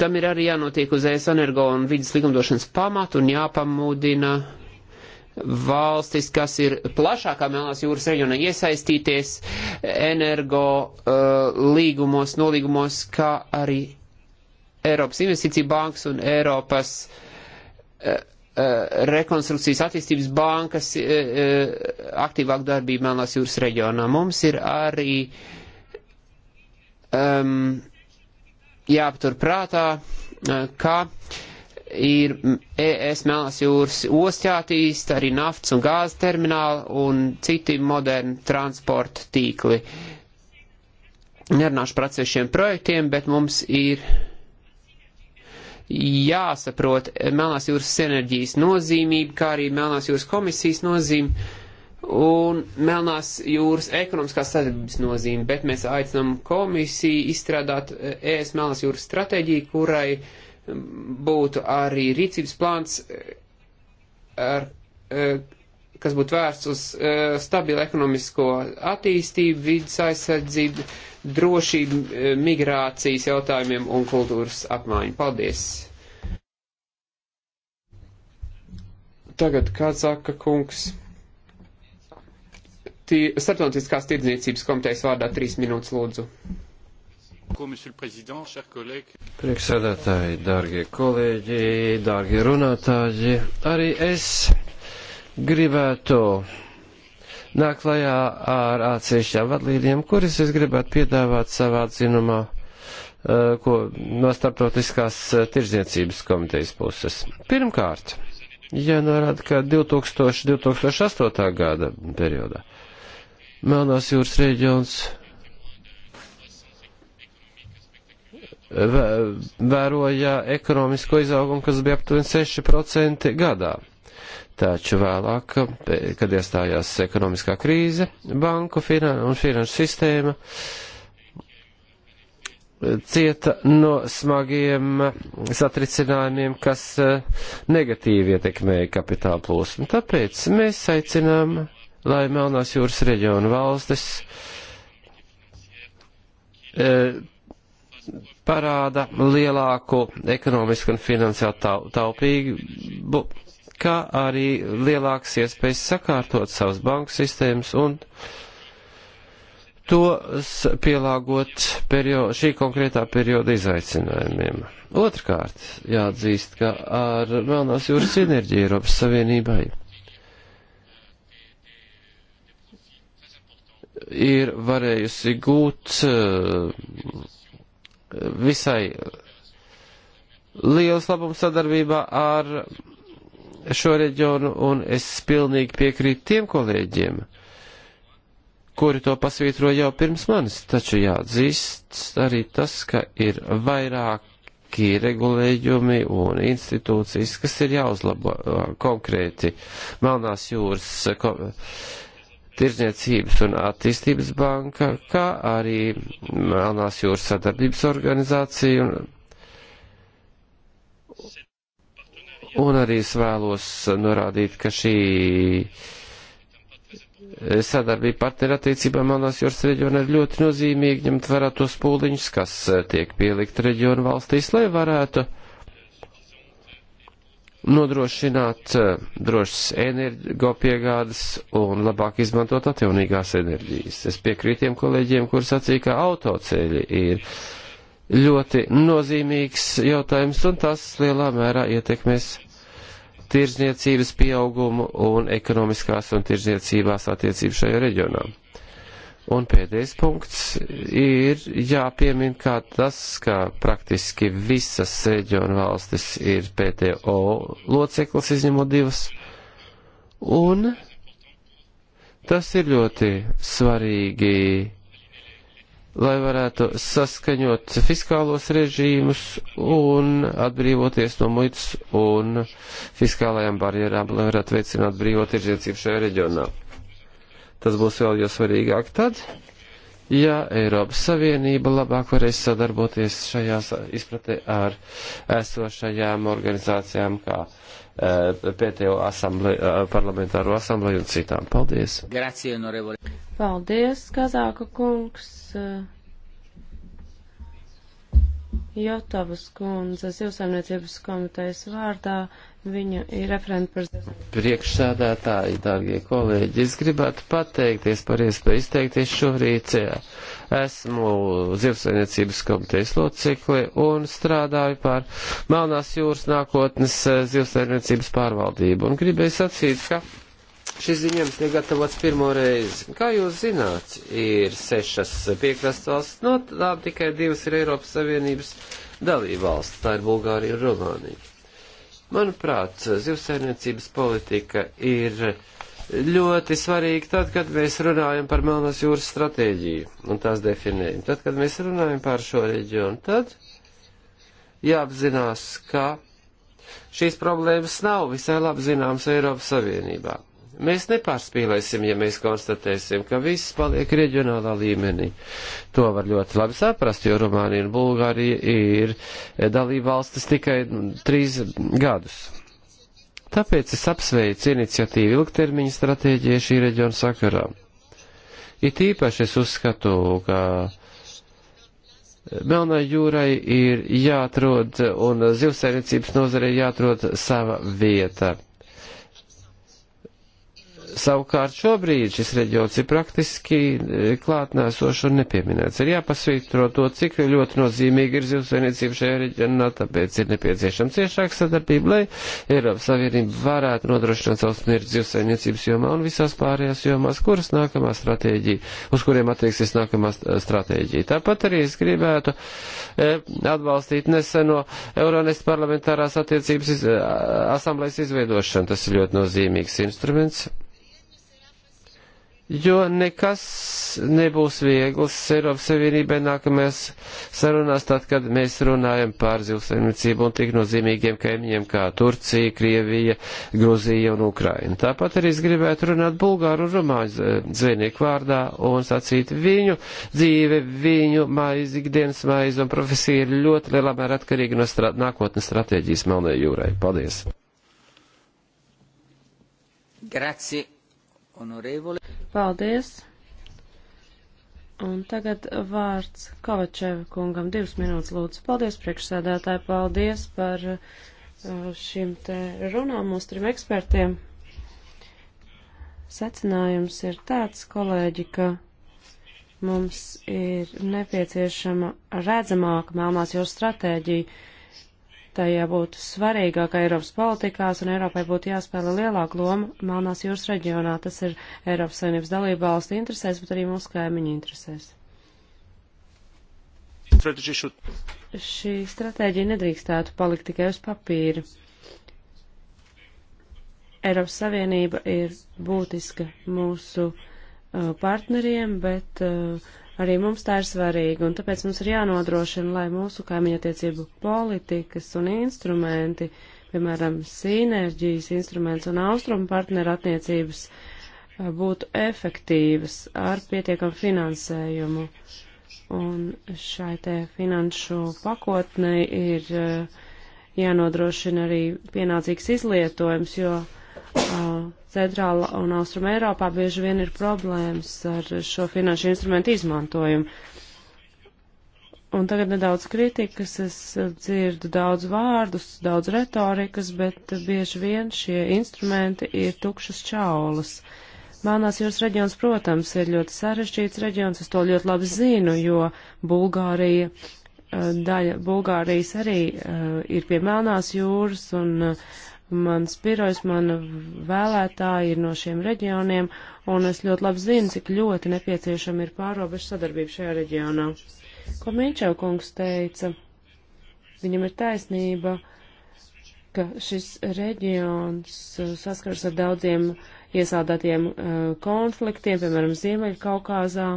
Tam ir arī jānotiek uz ES energo un vidas likumdošanas pamatu un jāpamudina valstis, kas ir plašākā Melnās jūras reģionā iesaistīties energo uh, līgumos, nolīgumos, kā arī Eiropas investīcija bankas un Eiropas uh, uh, rekonstrukcijas attīstības bankas uh, eh, aktīvāku darbību Melnās jūras reģionā. Mums ir arī um, ehm, jāpatur prātā, ka ir ES Melnās jūras ostjātīst arī nafts un gāzes termināli un citi moderni transporta tīkli. Nerunāšu par atsevišķiem projektiem, bet mums ir jāsaprot Melnās jūras enerģijas nozīmība, kā arī Melnās jūras komisijas nozīme un Melnās jūras ekonomiskās sadarbības nozīme, bet mēs aicinām komisiju izstrādāt eh, ES Melnās jūras stratēģiju, kurai mm, būtu arī rīcības plāns, eh, ar, eh, kas būtu vērsts uz stabilu ekonomisko attīstību, vidas aizsardzību, drošību, eh, migrācijas jautājumiem un kultūras apmaiņu. Paldies! Tagad kāds saka, kungs, tī, starptautiskās tirdzniecības komitejas vārdā trīs minūtes lūdzu. Priekšsēdētāji, dārgie kolēģi, dārgie runātāji, arī es gribētu nāk klajā ar atsevišķām vadlīnijām, kuras es gribētu piedāvāt savā atzinumā eh, ko no starptautiskās eh, tirdzniecības komitejas puses. Pirmkārt, jānorāda, ka 2000-2008. gada periodā Melnās jūras reģions eh, vēroja ekonomisko izaugumu, kas bija aptuveni 6% gadā. Taču vēlāk, kad iestājās ekonomiskā krīze, banku finan un finanšu sistēma eh, cieta no smagiem satricinājumiem, kas eh, negatīvi ietekmēja kapitāla plūsmu. Tāpēc mēs aicinām, lai Melnās jūras reģionu valstis eh, parāda lielāku ekonomisku un finansiālu taupīgu kā arī lielāks iespējas sakārtot savas banku sistēmas un tos pielāgot periodu, šī konkrētā perioda izaicinājumiem. Otrkārt, jāatzīst, ka ar Melnās jūras enerģiju Eiropas Savienībai ir varējusi gūt eh, visai liels labums sadarbībā ar šo reģionu, un es pilnīgi piekrītu tiem kolēģiem, kuri to pasvītroja jau pirms manis, taču jāatzīst arī tas, ka ir vairāki regulējumi un institūcijas, kas ir jāuzlabo konkrēti Melnās jūras ko, Tirzniecības un attīstības banka, kā arī Melnās jūras sadarbības organizācija un Un arī es vēlos norādīt, ka šī sadarbība partnerattiecībām Melnās jūras reģionā ir ļoti nozīmīga, ņemt vērā tos pūliņus, kas tiek pielikt reģionu valstīs, lai varētu nodrošināt eh, drošas energopiegādes un labāk izmantot atjaunīgās enerģijas. Es piekrītiem kolēģiem, kur sacīja, ka autoceļi ir ļoti nozīmīgs jautājums, un tas lielā mērā ietekmēs tirzniecības pieaugumu un ekonomiskās un tirzniecībās attiecību šajā reģionā. Un pēdējais punkts ir jāpiemin, kā tas, ka praktiski visas reģionu valstis ir PTO loceklis, izņemot divas. Un tas ir ļoti svarīgi lai varētu saskaņot fiskālos režīmus un atbrīvoties no muitas un fiskālajām barjerām, lai varētu veicināt brīvo tirdzniecību šajā reģionā. Tas būs vēl jau svarīgāk tad, ja Eiropas Savienība labāk varēs sadarboties šajā izpratē ar esošajām organizācijām kā Eh, PTO asamble, eh, parlamentāro asambleju un citām. Paldies! Grazie, honorevole! Paldies, Kazāka kungs! Jotavas kundzes, Jūsaimniecības komitejas vārdā. Viņa ir referenta par. Priekšsādātāji, dārgie kolēģi, es gribētu pateikties par iespēju izteikties šorīt. Esmu zivsainiecības komitejas locekli un strādāju par Melnās jūras nākotnes eh, zivsainiecības pārvaldību. Un gribēju sacīt, ka šis ziņojums tiek gatavots pirmo reizi. Kā jūs zināt, ir sešas piekrastes valsts, no tām tikai divas ir Eiropas Savienības dalībvalsts, tā ir Bulgārija un Rumānija Manuprāt, zivsainiecības politika ir ļoti svarīga tad, kad mēs runājam par Melnās jūras stratēģiju un tās definējumu. Tad, kad mēs runājam par šo reģionu, tad jāapzinās, ka šīs problēmas nav visai labi zināmas Eiropas Savienībā. Mēs nepārspīlēsim, ja mēs konstatēsim, ka viss paliek reģionālā līmenī. To var ļoti labi saprast, jo Rumānija un Bulgārija ir dalība valstis tikai trīs gadus. Tāpēc es apsveicu iniciatīvu ilgtermiņa stratēģiju šī reģiona sakarā. It īpaši es uzskatu, ka Melnai jūrai ir jāatrod un zivsainicības nozarei jāatrod sava vieta. Savukārt šobrīd šis reģions ir praktiski e, klātnēsošs un nepieminēts. Ir jāpasvītro to, cik ļoti nozīmīgi ir zivsvērniecība šajā reģionā, tāpēc ir nepieciešama ciešāka sadarbība, lai Eiropas Savienība varētu nodrošināt savus mērķus zivsvērniecības jomā un visās pārējās jomās, kuras nākamā stratēģija, uz kuriem attieksies nākamā stratēģija. Tāpat arī es gribētu e, atbalstīt neseno Euronest parlamentārās attiecības iz, asamblejas izveidošanu. Tas ir ļoti nozīmīgs instruments jo nekas nebūs viegls Eiropas Savienībai nākamajās sarunās, tad, kad mēs runājam par zivsaimniecību un tik nozīmīgiem kaimiņiem kā Turcija, Krievija, Gruzija un Ukraina. Tāpat arī es gribētu runāt bulgāru un rumāņu zvejnieku vārdā un sacīt viņu dzīve, viņu maizi, ikdienas maizi un profesija ir ļoti lielā mērā atkarīga no strat nākotnes stratēģijas Melnē jūrai. Paldies! Grazie. Paldies! Un tagad vārds Kovačeva kungam. Divas minūtes lūdzu. Paldies, priekšsēdētāji, paldies par uh, šīm te runām mums trim ekspertiem. Secinājums ir tāds, kolēģi, ka mums ir nepieciešama redzamāka melnās jūras stratēģija tai jābūt svarīgākai Eiropas politikās, un Eiropai būtu jāspēlē lielāka loma Melnās jūras reģionā. Tas ir Eiropas Savienības dalība valstu interesēs, bet arī mūsu kaimiņu interesēs. Šī stratēģija nedrīkstētu palikt tikai uz papīra. Eiropas Savienība ir būtiska mūsu uh, partneriem, bet uh, Arī mums tā ir svarīga, un tāpēc mums ir jānodrošina, lai mūsu kaimiņattiecību politikas un instrumenti, piemēram, sīnerģijas instruments un austrumu partneru attiecības, eh, būtu efektīvas ar pietiekamu finansējumu. Un šai te finanšu pakotnei ir eh, jānodrošina arī pienācīgs izlietojums, jo uh, Centrāla un Austrum Eiropā bieži vien ir problēmas ar šo finanšu instrumentu izmantojumu. Un tagad nedaudz kritikas, es dzirdu daudz vārdus, daudz retorikas, bet bieži vien šie instrumenti ir tukšas čaulas. Melnās jūras reģions, protams, ir ļoti sarežģīts reģions, es to ļoti labi zinu, jo Bulgārija, eh, daļa Bulgārijas arī eh, ir pie Melnās jūras un uh, Mans pirojs, mana vēlētāji ir no šiem reģioniem, un es ļoti labi zinu, cik ļoti nepieciešama ir pārobežu sadarbība šajā reģionā. Ko Mīčev kungs teica, viņam ir taisnība, ka šis reģions uh, saskars ar daudziem iesādātiem uh, konfliktiem, piemēram, Ziemeļkaukāzā,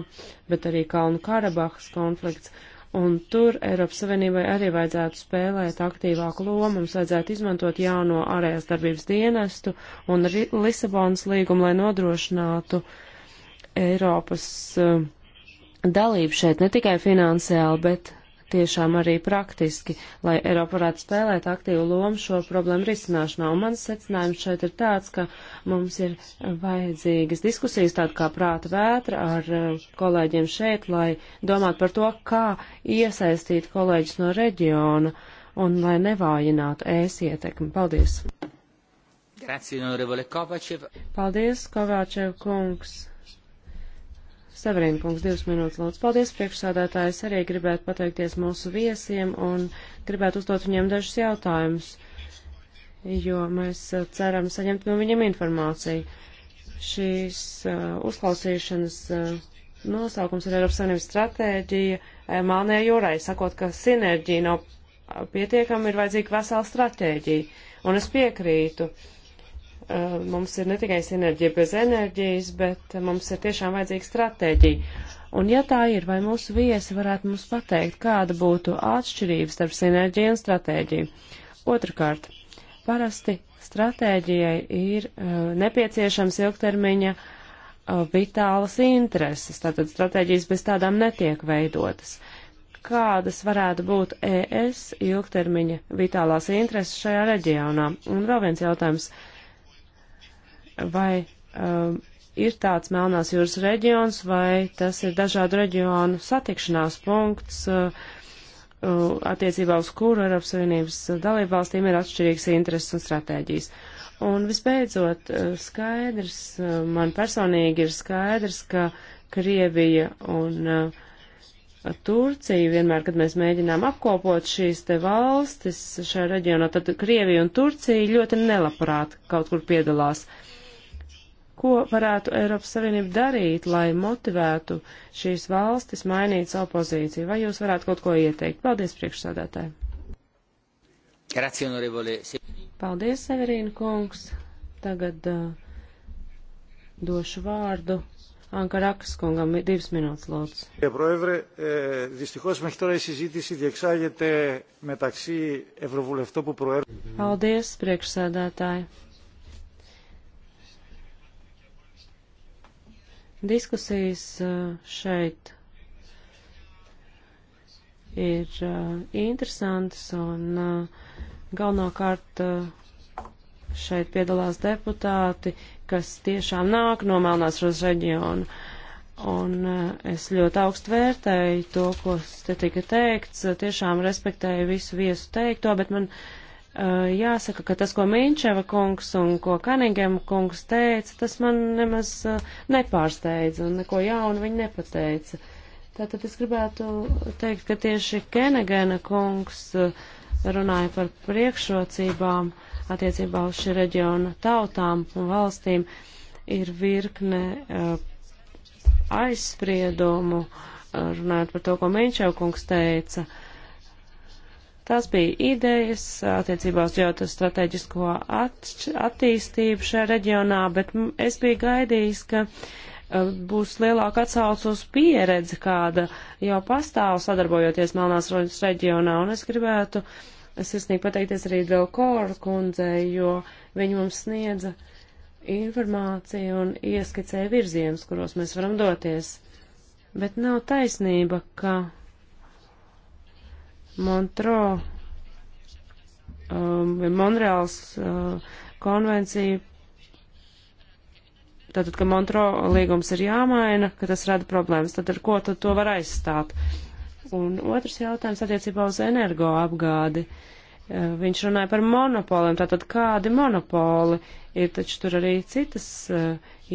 bet arī Kalnu Karabahas konflikts. Uh, un tur Eiropas Savienībai arī vajadzētu spēlēt aktīvāku lomu, mums vajadzētu izmantot jauno ārējās darbības dienestu un Lisabonas līgumu, lai nodrošinātu Eiropas eh, dalību šeit ne tikai finansiāli, bet tiešām arī praktiski, lai Eiropa varētu spēlēt aktīvu lomu šo problēmu risināšanā. Un mans secinājums šeit ir tāds, ka mums ir vajadzīgas diskusijas tāda kā prāta vētra ar eh, kolēģiem šeit, lai domātu par to, kā iesaistīt kolēģis no reģiona un lai nevājinātu ēs ietekmi. Paldies! Grazie, Paldies, Kovačev kungs! Severīna kungs, divas minūtes lūdzu. Paldies, priekšsādātāji. Es arī gribētu pateikties mūsu viesiem un gribētu uzdot viņiem dažus jautājumus, jo mēs uh, ceram saņemt no viņiem informāciju. Šīs uh, uzklausīšanas uh, nosaukums ir Eiropas Savienības stratēģija uh, Mānē jūrai, sakot, ka sinerģija nav uh, pietiekama, ir vajadzīga vesela stratēģija. Un es piekrītu. Uh, Eh, mums ir ne tikai sinerģija bez enerģijas, bet eh, mums ir tiešām vajadzīga stratēģija. Un ja tā ir, vai mūsu viesi varētu mums pateikt, kāda būtu atšķirība starp sinerģiju un stratēģiju? Otrakārt, parasti stratēģijai ir uh, nepieciešams ilgtermiņa uh, vitālas intereses, tātad stratēģijas bez tādām netiek veidotas. Kādas varētu būt ES ilgtermiņa vitālās intereses šajā reģionā? Un vēl viens jautājums. Uh, vai um, ir tāds Melnās jūras reģions, vai tas ir dažādu reģionu satikšanās punkts, uh, uh, attiecībā uz kuru Eiropas Savienības dalībvalstīm ir atšķirīgas intereses un stratēģijas. Un visbeidzot, uh, skaidrs, uh, man personīgi ir skaidrs, ka Krievija un uh, Turciju, vienmēr, kad mēs mēģinām apkopot šīs te valstis šajā reģionā, tad Krievija un Turcija ļoti nelabprāt kaut kur piedalās. Uh, Ko varētu Eiropas Savienība darīt, lai motivētu šīs valstis mainīt savu pozīciju? Vai jūs varētu kaut ko ieteikt? Paldies, priekšsādātāji! Paldies, Severīna kungs! Tagad uh, došu vārdu Ankarakas kungam. Divas minūtes, lūdzu. Κύριε Πρόεδρε, ε, δυστυχώς μέχρι τώρα η συζήτηση διεξάγεται μεταξύ Ευρωβουλευτών που προέρχονται. Paldies, priekšsēdētāji! Diskusijas eh, šeit ir eh, interesantas un eh, galvenokārt šeit piedalās deputāti, kas tiešām nāk no Melnāsras reģiona. Un es ļoti augstu vērtēju to, ko te tika teikts, tiešām respektēju visu viesu teikto, bet man uh, jāsaka, ka tas, ko Minčeva kungs un ko Kanigem kungs teica, tas man nemaz nepārsteidza un neko jaunu viņi nepateica. Tātad es gribētu teikt, ka tieši Kenegena kungs runāja par priekšrocībām attiecībā uz šī reģiona tautām un valstīm. Ir virkne aizspriedumu, runājot par to, ko Minčeva kungs teica. Uh, Tās bija idejas attiecībā uz ģeostrateģisko attīstību šajā reģionā, bet es biju gaidījis, ka e, būs lielāka atsauce uz pieredzi, kāda jau pastāv sadarbojoties Melnās Roņas reģionā, un es gribētu sirsnīgi pateikties arī Delkoru kundzei, jo viņi mums sniedza informāciju un ieskicēja virzienus, kuros mēs varam doties. Bet nav taisnība, ka Montro, um, Monreāls uh, konvencija, tātad, ka Montro līgums ir jāmaina, ka tas rada problēmas, tad ar ko tad to var aizstāt? Un otrs jautājums attiecībā uz energo apgādi. Uh, Eh, viņš runāja par monopoliem, tātad kādi monopoli ir, taču tur arī citas uh,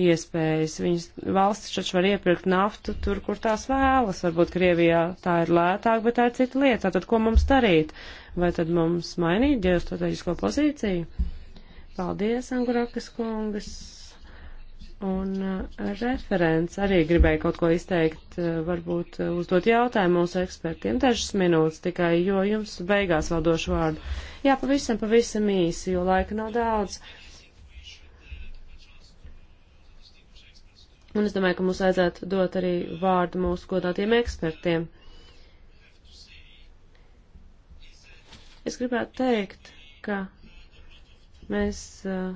iespējas. Viņas valstis taču var iepirkt naftu tur, kur tās vēlas. Varbūt Krievijā tā ir lētāk, bet tā ir cita lieta. Tātad, ko mums darīt? Vai tad mums mainīt ģeostrateģisko pozīciju? Paldies, Angurakas kungas. Un uh, referents arī gribēja kaut ko izteikt, uh, varbūt uh, uzdot jautājumu mūsu ekspertiem. Dažas minūtes tikai, jo jums beigās vēl došu vārdu. Jā, pavisam, pavisam īsi, jo laika nav daudz. Un es domāju, ka mums vajadzētu dot arī vārdu mūsu godātiem ekspertiem. Es gribētu teikt, ka mēs. Uh,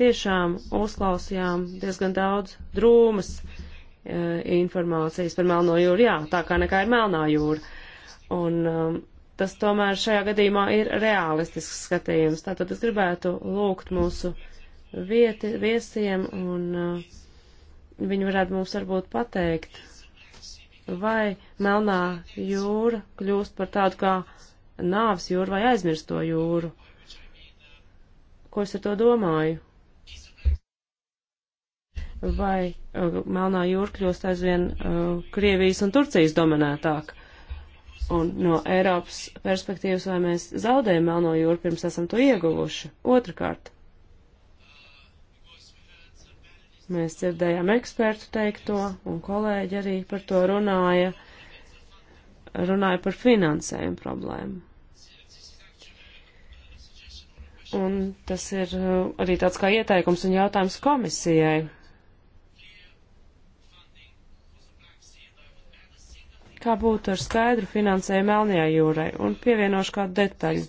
tiešām uzklausījām diezgan daudz drūmas eh, informācijas par Melno jūru. Jā, tā kā nekā ir Melnā jūra. Un um, tas tomēr šajā gadījumā ir realistisks skatījums. Tātad es gribētu lūgt mūsu vieti, viesiem un uh, viņi varētu mums varbūt pateikt, vai Melnā jūra kļūst par tādu kā nāves jūru vai aizmirsto jūru. Ko es ar to domāju? vai uh, Melnā jūra kļūst aizvien uh, Krievijas un Turcijas dominētāk. Un no Eiropas perspektīvas, vai mēs zaudējam Melno jūru pirms esam to ieguvuši? Otrakārt, mēs dzirdējām ekspertu teikto, un kolēģi arī par to runāja, runāja par finansējumu problēmu. Un tas ir uh, arī tāds kā ieteikums un jautājums komisijai Kā būtu ar skaidru finansējumu Melnajā jūrai? Un pievienošu kādu detaļu.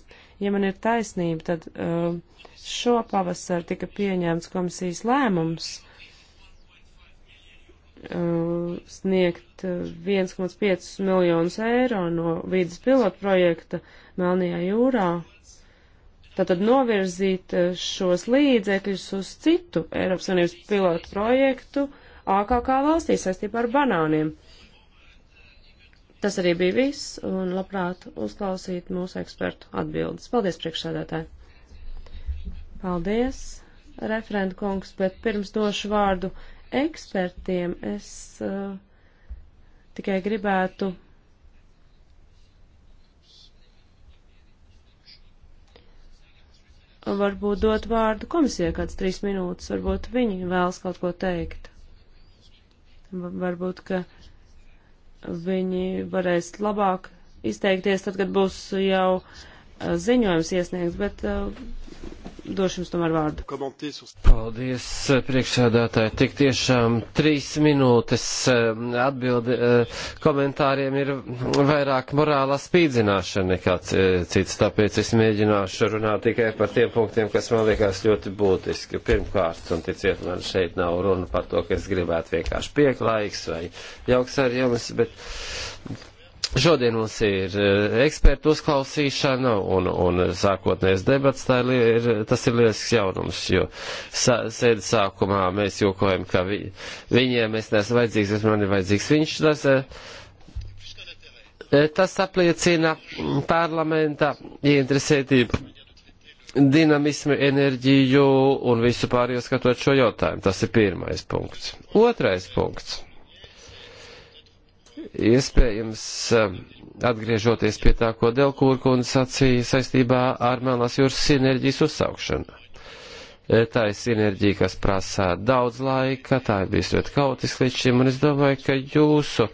Ja man ir taisnība, tad uh, šo pavasaru tika pieņemts komisijas lēmums uh, sniegt 1,5 uh, miljonus eiro no vīdas pilotu projekta Melnajā jūrā. Tātad novirzīt uh, šos līdzekļus uz citu Eiropas Savienības pilotu projektu AKK valstī saistībā ar banāniem. Tas arī bija viss, un labprāt uzklausīt mūsu ekspertu atbildes. Paldies, priekšsēdētāji! Paldies, referenta kungs, bet pirms došu vārdu ekspertiem, es uh, tikai gribētu varbūt dot vārdu komisijai kāds trīs minūtes, varbūt viņi vēlas kaut ko teikt. Varbūt, ka viņi varēs labāk izteikties tad, kad būs jau eh, ziņojums iesniegts, bet eh, došu jums tomēr vārdu. Paldies, priekšsēdētāji. Tik tiešām trīs minūtes um, atbildi uh, komentāriem ir vairāk morālā spīdzināšana nekā cits, tāpēc es mēģināšu runāt tikai par tiem punktiem, kas man liekas ļoti būtiski. Pirmkārt, un ticiet man, šeit nav runa par to, ka es gribētu vienkārši pieklājīgs vai jauks ar jums, bet Šodien mums ir eh, ekspertu uzklausīšana un, un sākotnējais debats, tā ir, tas ir lielisks jaunums, jo sēdes sākumā mēs jokojam, ka vi, viņiem mēs neesam vajadzīgs, bet man ir vajadzīgs viņš. Tas, eh, eh, tas apliecina parlamenta ieinteresētību dinamismu, enerģiju un visu pārējo skatot šo jautājumu. Tas ir pirmais punkts. Otrais punkts Iespējams, eh, atgriežoties pie tā, ko Delkūrkundze sacīja saistībā ar Melnās jūras sinerģijas uzsaukšanu. Eh, tā ir sinerģija, kas prasa daudz laika, tā ir bijusi ļoti kautiska līdz šim, un es domāju, ka jūsu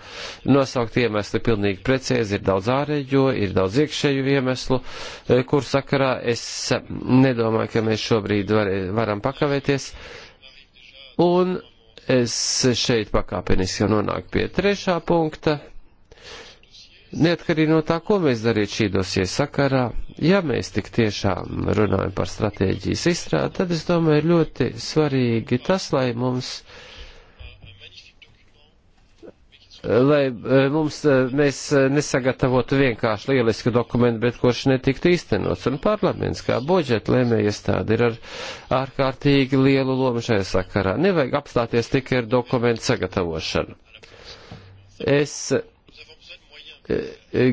nosaukt iemesli pilnīgi precīzi ir daudz ārējo, ir daudz iekšēju iemeslu, eh, kur sakarā es nedomāju, ka mēs šobrīd var, varam pakavēties. Un Es šeit pakāpeniski jau nonāku pie trešā punkta. Neatkarīgi no tā, ko mēs darītu šī dosie sakarā, ja mēs tik tiešām runājam par stratēģijas izstrādi, tad es domāju ļoti svarīgi tas, lai mums uh, lai e, mums e, mēs e, nesagatavotu vienkārši lielisku dokumentu, bet kurš netiktu īstenots. Un parlaments kā budžeta lēmējiestāde ir ar ārkārtīgi lielu lomu šajā sakarā. Nevajag apstāties tikai ar dokumentu sagatavošanu. Es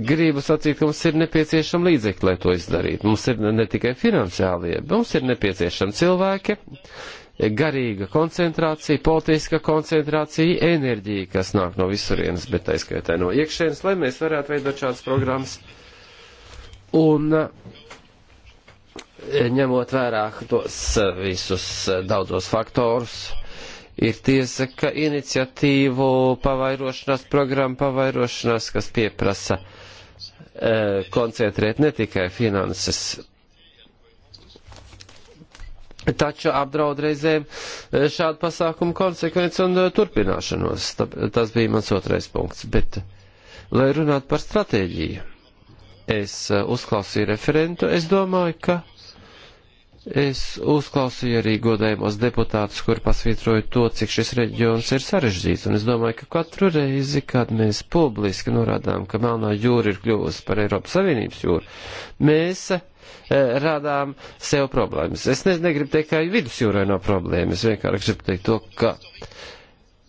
gribu sacīt, ka mums ir nepieciešama līdzekļi, lai to izdarītu. Mums ir ne tikai finansiālie, bet mums ir nepieciešami cilvēki, garīga koncentrācija, politiska koncentrācija, enerģija, kas nāk no visurienes, bet aizskaitē no iekšienes, lai mēs varētu veidot šādas programmas. Un eh, ņemot vērā tos eh, visus eh, daudzos faktorus, ir tiesa, ka iniciatīvu pavairošanās, programma pavairošanās, kas pieprasa koncentrēt ne tikai finanses Taču apdraud reizēm e, šādu pasākumu konsekvenci un e, turpināšanos. Tas bija mans otrais punkts. Bet, lai runātu par stratēģiju, es e, uzklausīju referentu, es domāju, ka Es uzklausīju arī godējumos deputātus, kur pasvītroju to, cik šis reģions ir sarežģīts, un es domāju, ka katru reizi, kad mēs publiski norādām, ka Melnā jūra ir kļuvusi par Eiropas Savienības jūru, mēs e, radām sev problēmas. Es ne, negribu teikt, ka vidusjūrai nav problēmas, es vienkārši gribu teikt to, ka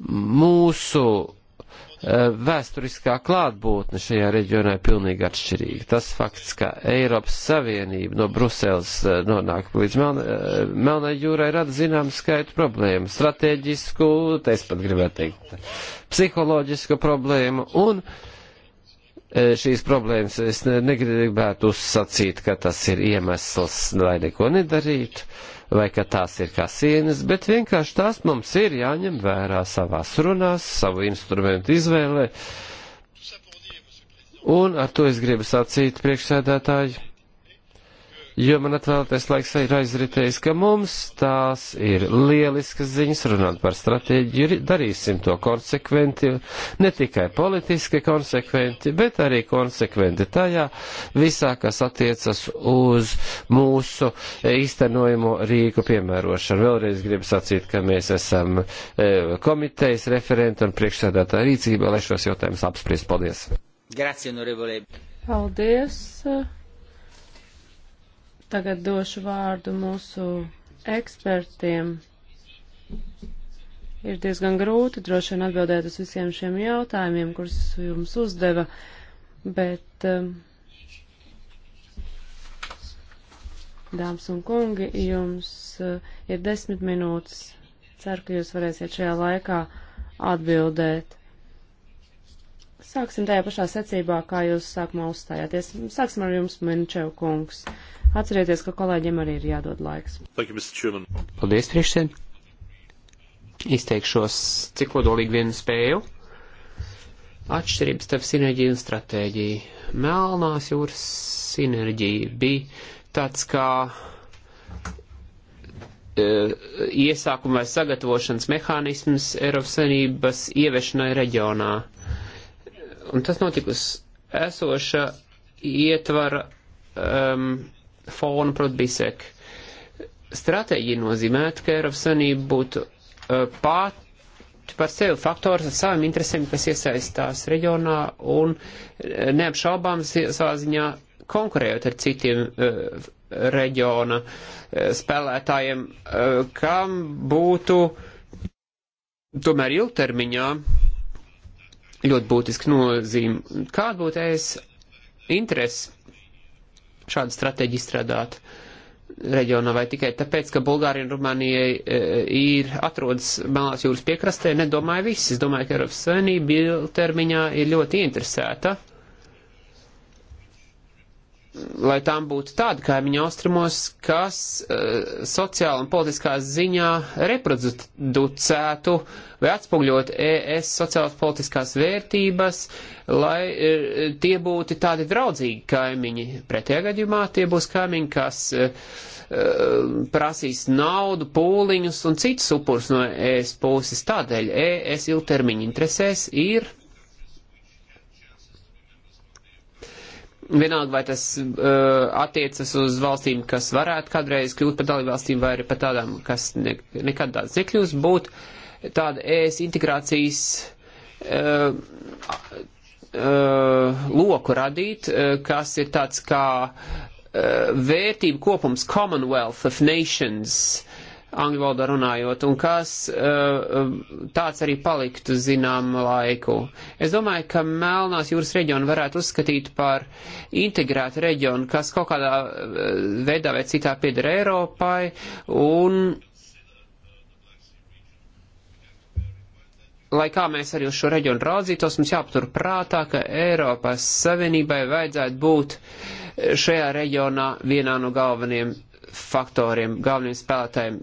mūsu Eh, vēsturiskā klātbūtne šajā reģionā ir pilnīgi atšķirīga. Tas fakts, ka Eiropas Savienība no Bruseles eh, nonāk līdz eh, Melnai Melna jūrai, rada zināmu skaitu problēmu - stratēģisku, es pat gribētu teikt, psiholoģisku problēmu, un šīs problēmas es negribētu uzsacīt, ka tas ir iemesls, lai neko nedarītu vai ka tās ir kā sienas, bet vienkārši tās mums ir jāņem vērā savās runās, savu instrumentu izvēlē. Un ar to es gribu sacīt priekšsēdētāju jo man atvēlētais laiks ir aizritējis, ka mums tās ir lieliskas ziņas runāt par stratēģiju, darīsim to konsekventi, ne tikai politiski konsekventi, bet arī konsekventi tajā visā, kas attiecas uz mūsu īstenojumu rīku piemērošanu. Vēlreiz gribu sacīt, ka mēs esam e, komitejas referenti un priekšsēdētāja rīcībā, lai šos jautājumus apspriest. Paldies! Grazie, Paldies! Tagad došu vārdu mūsu ekspertiem. Ir diezgan grūti droši vien atbildēt uz visiem šiem jautājumiem, kurus jums uzdeva, bet, um, dāmas un kungi, jums uh, ir desmit minūtes. Ceru, ka jūs varēsiet šajā laikā atbildēt. Sāksim tajā pašā secībā, kā jūs sākumā uzstājāties. Sāksim ar jums, Menčev kungs. Atcerieties, ka kolēģiem arī ir jādod laiks. Thank you, Mr. Chairman. Paldies, priekšsēd. Izteikšos cik kodolīgi vienu spēju. Atšķirības starp sinerģiju un stratēģiju. Melnās jūras sinerģija bija tāds kā e, iesākuma vai sagatavošanas mehānisms Eiropas Savienības ieviešanai reģionā. Un tas notika uz esoša ietvara um, fona, proti, bisek. Stratēģija nozīmētu, ka Eiropas Savienība būtu uh, pat par sevi faktors ar saviem interesēm, kas iesaistās reģionā un uh, neapšaubām savā ziņā konkurējot ar citiem uh, reģiona uh, spēlētājiem, uh, kam būtu tomēr ilgtermiņā uh, ļoti būtiska nozīme. Kāda būtu es interese šādu stratēģiju izstrādāt reģionā vai tikai tāpēc, ka Bulgārija un Rumānija e, ir atrodas Melnās jūras piekrastē, nedomāju viss. Es domāju, ka Eiropas Savienība ilgtermiņā ir ļoti interesēta lai tām būtu tādi kaimiņu austrumos, kas uh, eh, sociāli un politiskā ziņā reproducētu vai atspoguļot ES sociālās politiskās vērtības, lai uh, tie būtu tādi draudzīgi kaimiņi. Pretējā gadījumā tie būs kaimiņi, kas uh, prasīs naudu, pūliņus un citus upurus no ES puses. Tādēļ ES ilgtermiņa interesēs ir Vienalga, vai tas uh, attiecas uz valstīm, kas varētu kādreiz kļūt par dalībvalstīm, vai arī par tādām, kas ne, nekad tāds nekļūs, būtu tāda ES integrācijas uh, uh, loku radīt, uh, kas ir tāds kā uh, vērtību kopums Commonwealth of Nations, angļu valodā runājot, un kas eh, tāds arī paliktu zinām laiku. Es domāju, ka Melnās jūras reģionu varētu uzskatīt par integrētu reģionu, kas kaut kādā eh, veidā vai citā pieder Eiropai, un lai kā mēs arī uz šo reģionu raudzītos, mums jāpatur prātā, ka Eiropas Savienībai vajadzētu būt šajā reģionā vienā no galvenajiem faktoriem, galveniem spēlētājiem.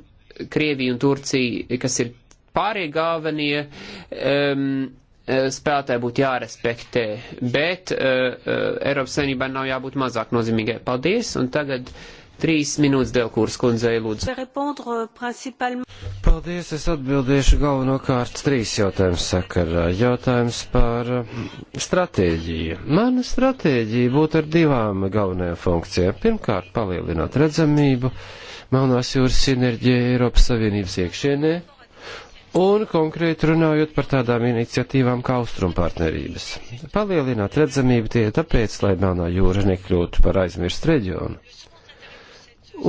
Krievija un Turcija, kas ir pārējie galvenie um, eh, spēlētāji, būtu jārespektē, bet uh, uh, Eiropas Savienībā nav jābūt mazāk nozīmīgai. Paldies, un tagad Trīs minūtes Delkūras kundzei lūdzu. Euh, Paldies, es atbildēšu galvenokārt trīs jautājumus sakarā. Jautājums par stratēģiju. Mana stratēģija būtu ar divām galvenajām funkcijām. Pirmkārt, palielināt redzamību. Uh, Melnās jūras sinerģija Eiropas Savienības iekšienē un konkrēti runājot par tādām iniciatīvām kā austrumpartnerības. Palielināt redzamību tie tāpēc, lai Melnā jūra nekļūtu par aizmirst reģionu.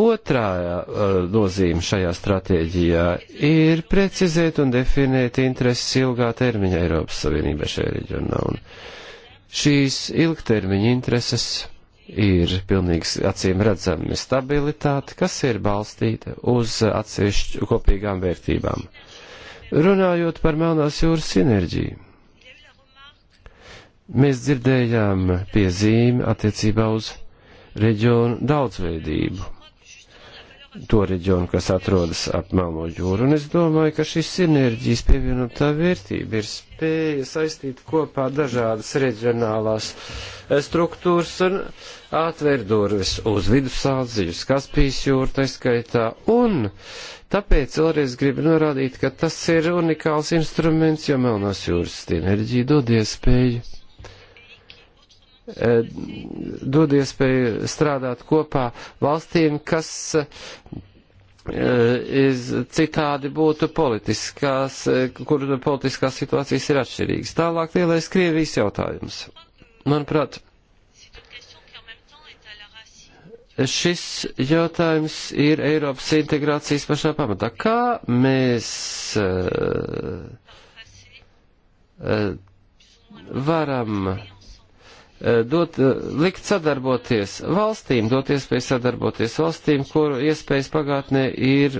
Otrā uh, nozīme šajā stratēģijā ir precizēt un definēt intereses ilgā termiņa Eiropas Savienībā šajā reģionā. Un šīs ilgtermiņa intereses ir pilnīgi acīm redzami stabilitāte, kas ir balstīta uz atsevišķu kopīgām vērtībām. Runājot par Melnās jūras sinerģiju, mēs dzirdējām piezīmi attiecībā uz reģionu daudzveidību to reģionu, kas atrodas ap Melno jūru, un es domāju, ka šī sinerģijas pievienotā vērtība ir spēja saistīt kopā dažādas reģionālās eh, struktūras un atvērt durvis uz vidusādziju, uz Kaspijas jūru taiskaitā, un tāpēc vēlreiz gribu norādīt, ka tas ir unikāls instruments, jo Melnās jūras sinerģija dod iespēju Eh, dod iespēju strādāt kopā valstīm, kas eh, iz, citādi būtu politiskās, eh, kur politiskās situācijas ir atšķirīgas. Tālāk lielais Krievijas jautājums. Manuprāt, šis jautājums ir Eiropas integrācijas pašā pamatā. Kā mēs varam Eh, dot, eh, likt sadarboties valstīm, dot iespēju sadarboties valstīm, kuru iespējas pagātnē ir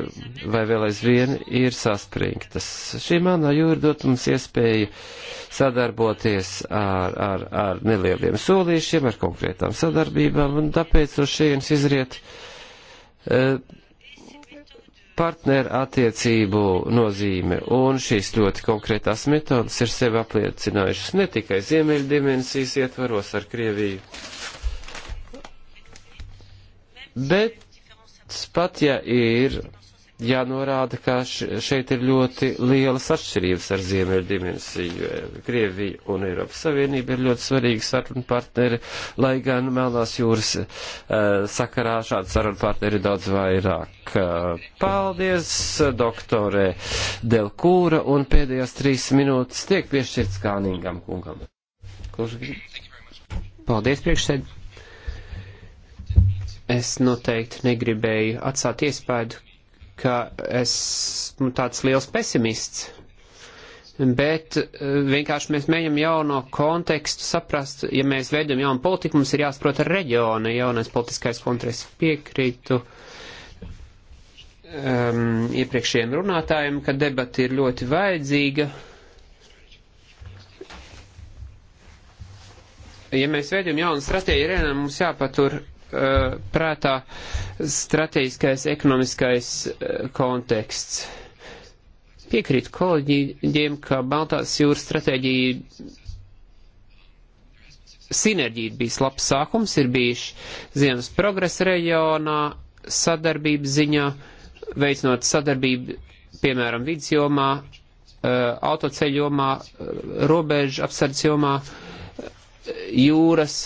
vai vēl aizvien ir saspringtas. Šī manā jūra dot mums iespēju sadarboties ar, ar, ar nelieliem solīšiem, ar konkrētām sadarbībām, un tāpēc no šienes izriet. Uh, partneru attiecību nozīme, un šīs ļoti konkrētās metodas ir sevi apliecinājušas ne tikai ziemeļu dimensijas ietvaros ar Krieviju, bet pat ja ir jānorāda, ka šeit ir ļoti lielas atšķirības ar ziemeļu dimensiju. Krievija un Eiropas Savienība ir ļoti svarīgi sarunu partneri, lai gan Melnās jūras uh, sakarā šādi sarunu partneri ir daudz vairāk. Paldies, doktore Delkūra, un pēdējās trīs minūtes tiek piešķirts Kāningam kungam. Kurš grib? Paldies, priekšsēd. Es noteikti negribēju atstāt iespēju, ka esmu nu, tāds liels pesimists, bet eh, vienkārši mēs mēģinām jauno kontekstu saprast, ja mēs veidojam jaunu politiku, mums ir jāsaprot ar reģionu jaunais politiskais konteksts. Piekrītu um, iepriekšējiem runātājiem, ka debata ir ļoti vajadzīga. Ja mēs veidojam jaunu stratēģiju, mums jāpatur Eh, prātā strateģiskais ekonomiskais eh, konteksts. Piekrītu kolēģiem, ka Baltās jūras stratēģija sinerģija bijis labs sākums, ir bijuši Ziemas progresa reģionā, sadarbības ziņā, veicinot sadarbību, piemēram, vidas jomā, eh, autoceļu jomā, robežu apsardz jomā, jūras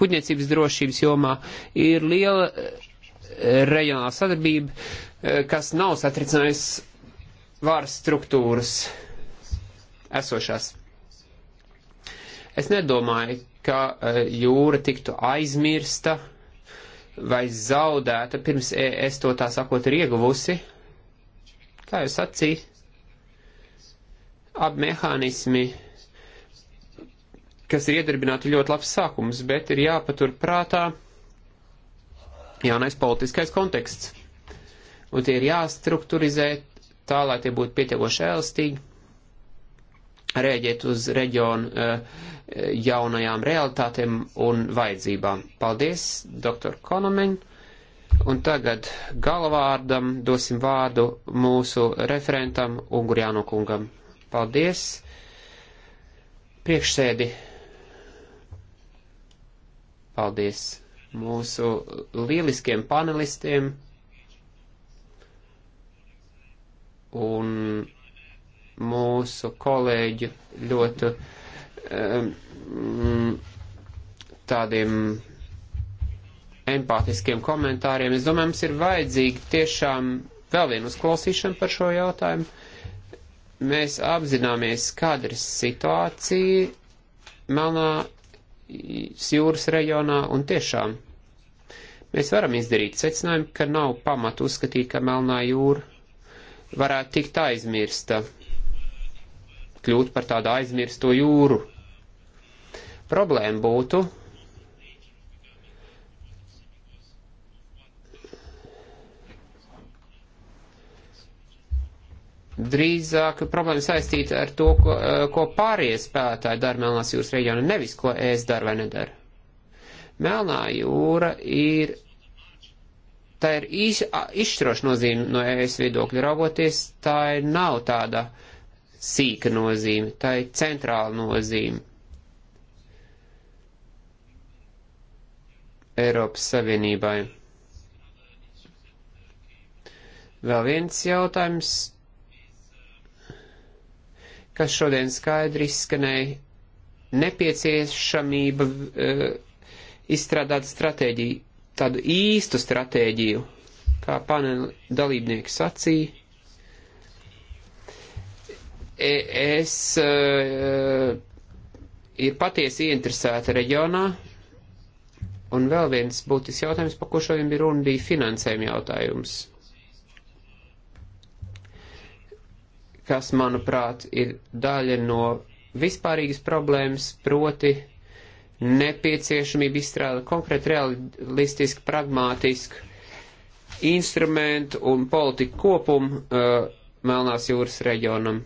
kuģniecības drošības jomā ir liela eh, reģionāla sadarbība, eh, kas nav satricinājusi varas struktūras esošās. Es nedomāju, ka eh, jūra tiktu aizmirsta vai zaudēta, pirms es to tā sakot ir ieguvusi. Kā jūs sacīja, abi mehānismi kas ir iedarbināti ļoti labs sākums, bet ir jāpatur prātā jaunais politiskais konteksts. Un tie ir jāstrukturizē tā, lai tie būtu pietiekoši elastīgi, rēģēt uz reģionu uh, jaunajām realitātēm un vajadzībām. Paldies, doktor Konomeņ. Un tagad galvārdam dosim vārdu mūsu referentam Ungurjānu kungam. Paldies. Priekšsēdi Paldies mūsu lieliskiem panelistiem un mūsu kolēģu ļoti um, tādiem empātiskiem komentāriem. Es domāju, mums ir vajadzīgi tiešām vēl vienu uzklausīšanu par šo jautājumu. Mēs apzināmies, kāda ir situācija Melnā jūras reģionā, un tiešām mēs varam izdarīt secinājumu, ka nav pamatu uzskatīt, ka Melnā jūra varētu tikt aizmirsta, kļūt par tādu aizmirsto jūru. Problēma būtu, drīzāk problēma saistīta ar to, ko, eh, ko pārējie spēlētāji dara Melnās jūras reģionā, nevis ko es daru vai nedaru. Melnā jūra ir, tā ir iz, izšķiroša nozīme no ES viedokļa raugoties, tā ir nav tāda sīka nozīme, tā ir centrāla nozīme. Eiropas Savienībai. Vēl viens jautājums kas šodien skaidri izskanēja, nepieciešamība e, izstrādāt stratēģiju, tādu īstu stratēģiju, kā panel dalībnieki sacīja. E, es e, eh, ir patiesi ieinteresēta reģionā, un vēl viens būtisks jautājums, pa ko šodien bija runa, bija finansējuma jautājums. kas, manuprāt, ir daļa no vispārīgas problēmas, proti nepieciešamība izstrādāt konkrēti realistisku, pragmātisku instrumentu un politiku kopumu uh, Melnās jūras reģionam.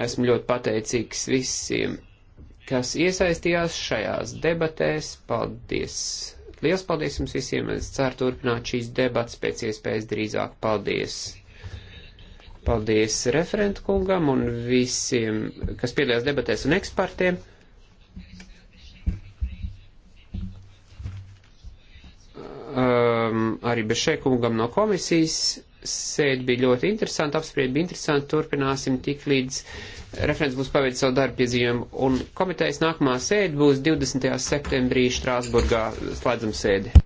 Esmu ļoti pateicīgs visiem, kas iesaistījās šajās debatēs. Paldies! Liels paldies jums visiem! Es ceru turpināt šīs debatas pēc iespējas drīzāk. Paldies! Paldies referentu kungam un visiem, kas piedalījās debatēs un ekspertiem. Um, arī Bešē kungam no komisijas sēde bija ļoti interesanta, apspriedi bija interesanti, turpināsim tik līdz referents būs paveicis savu darbu piezīmēm. Un komitejas nākamā sēde būs 20. septembrī Štrāsburgā slēdzam sēdi.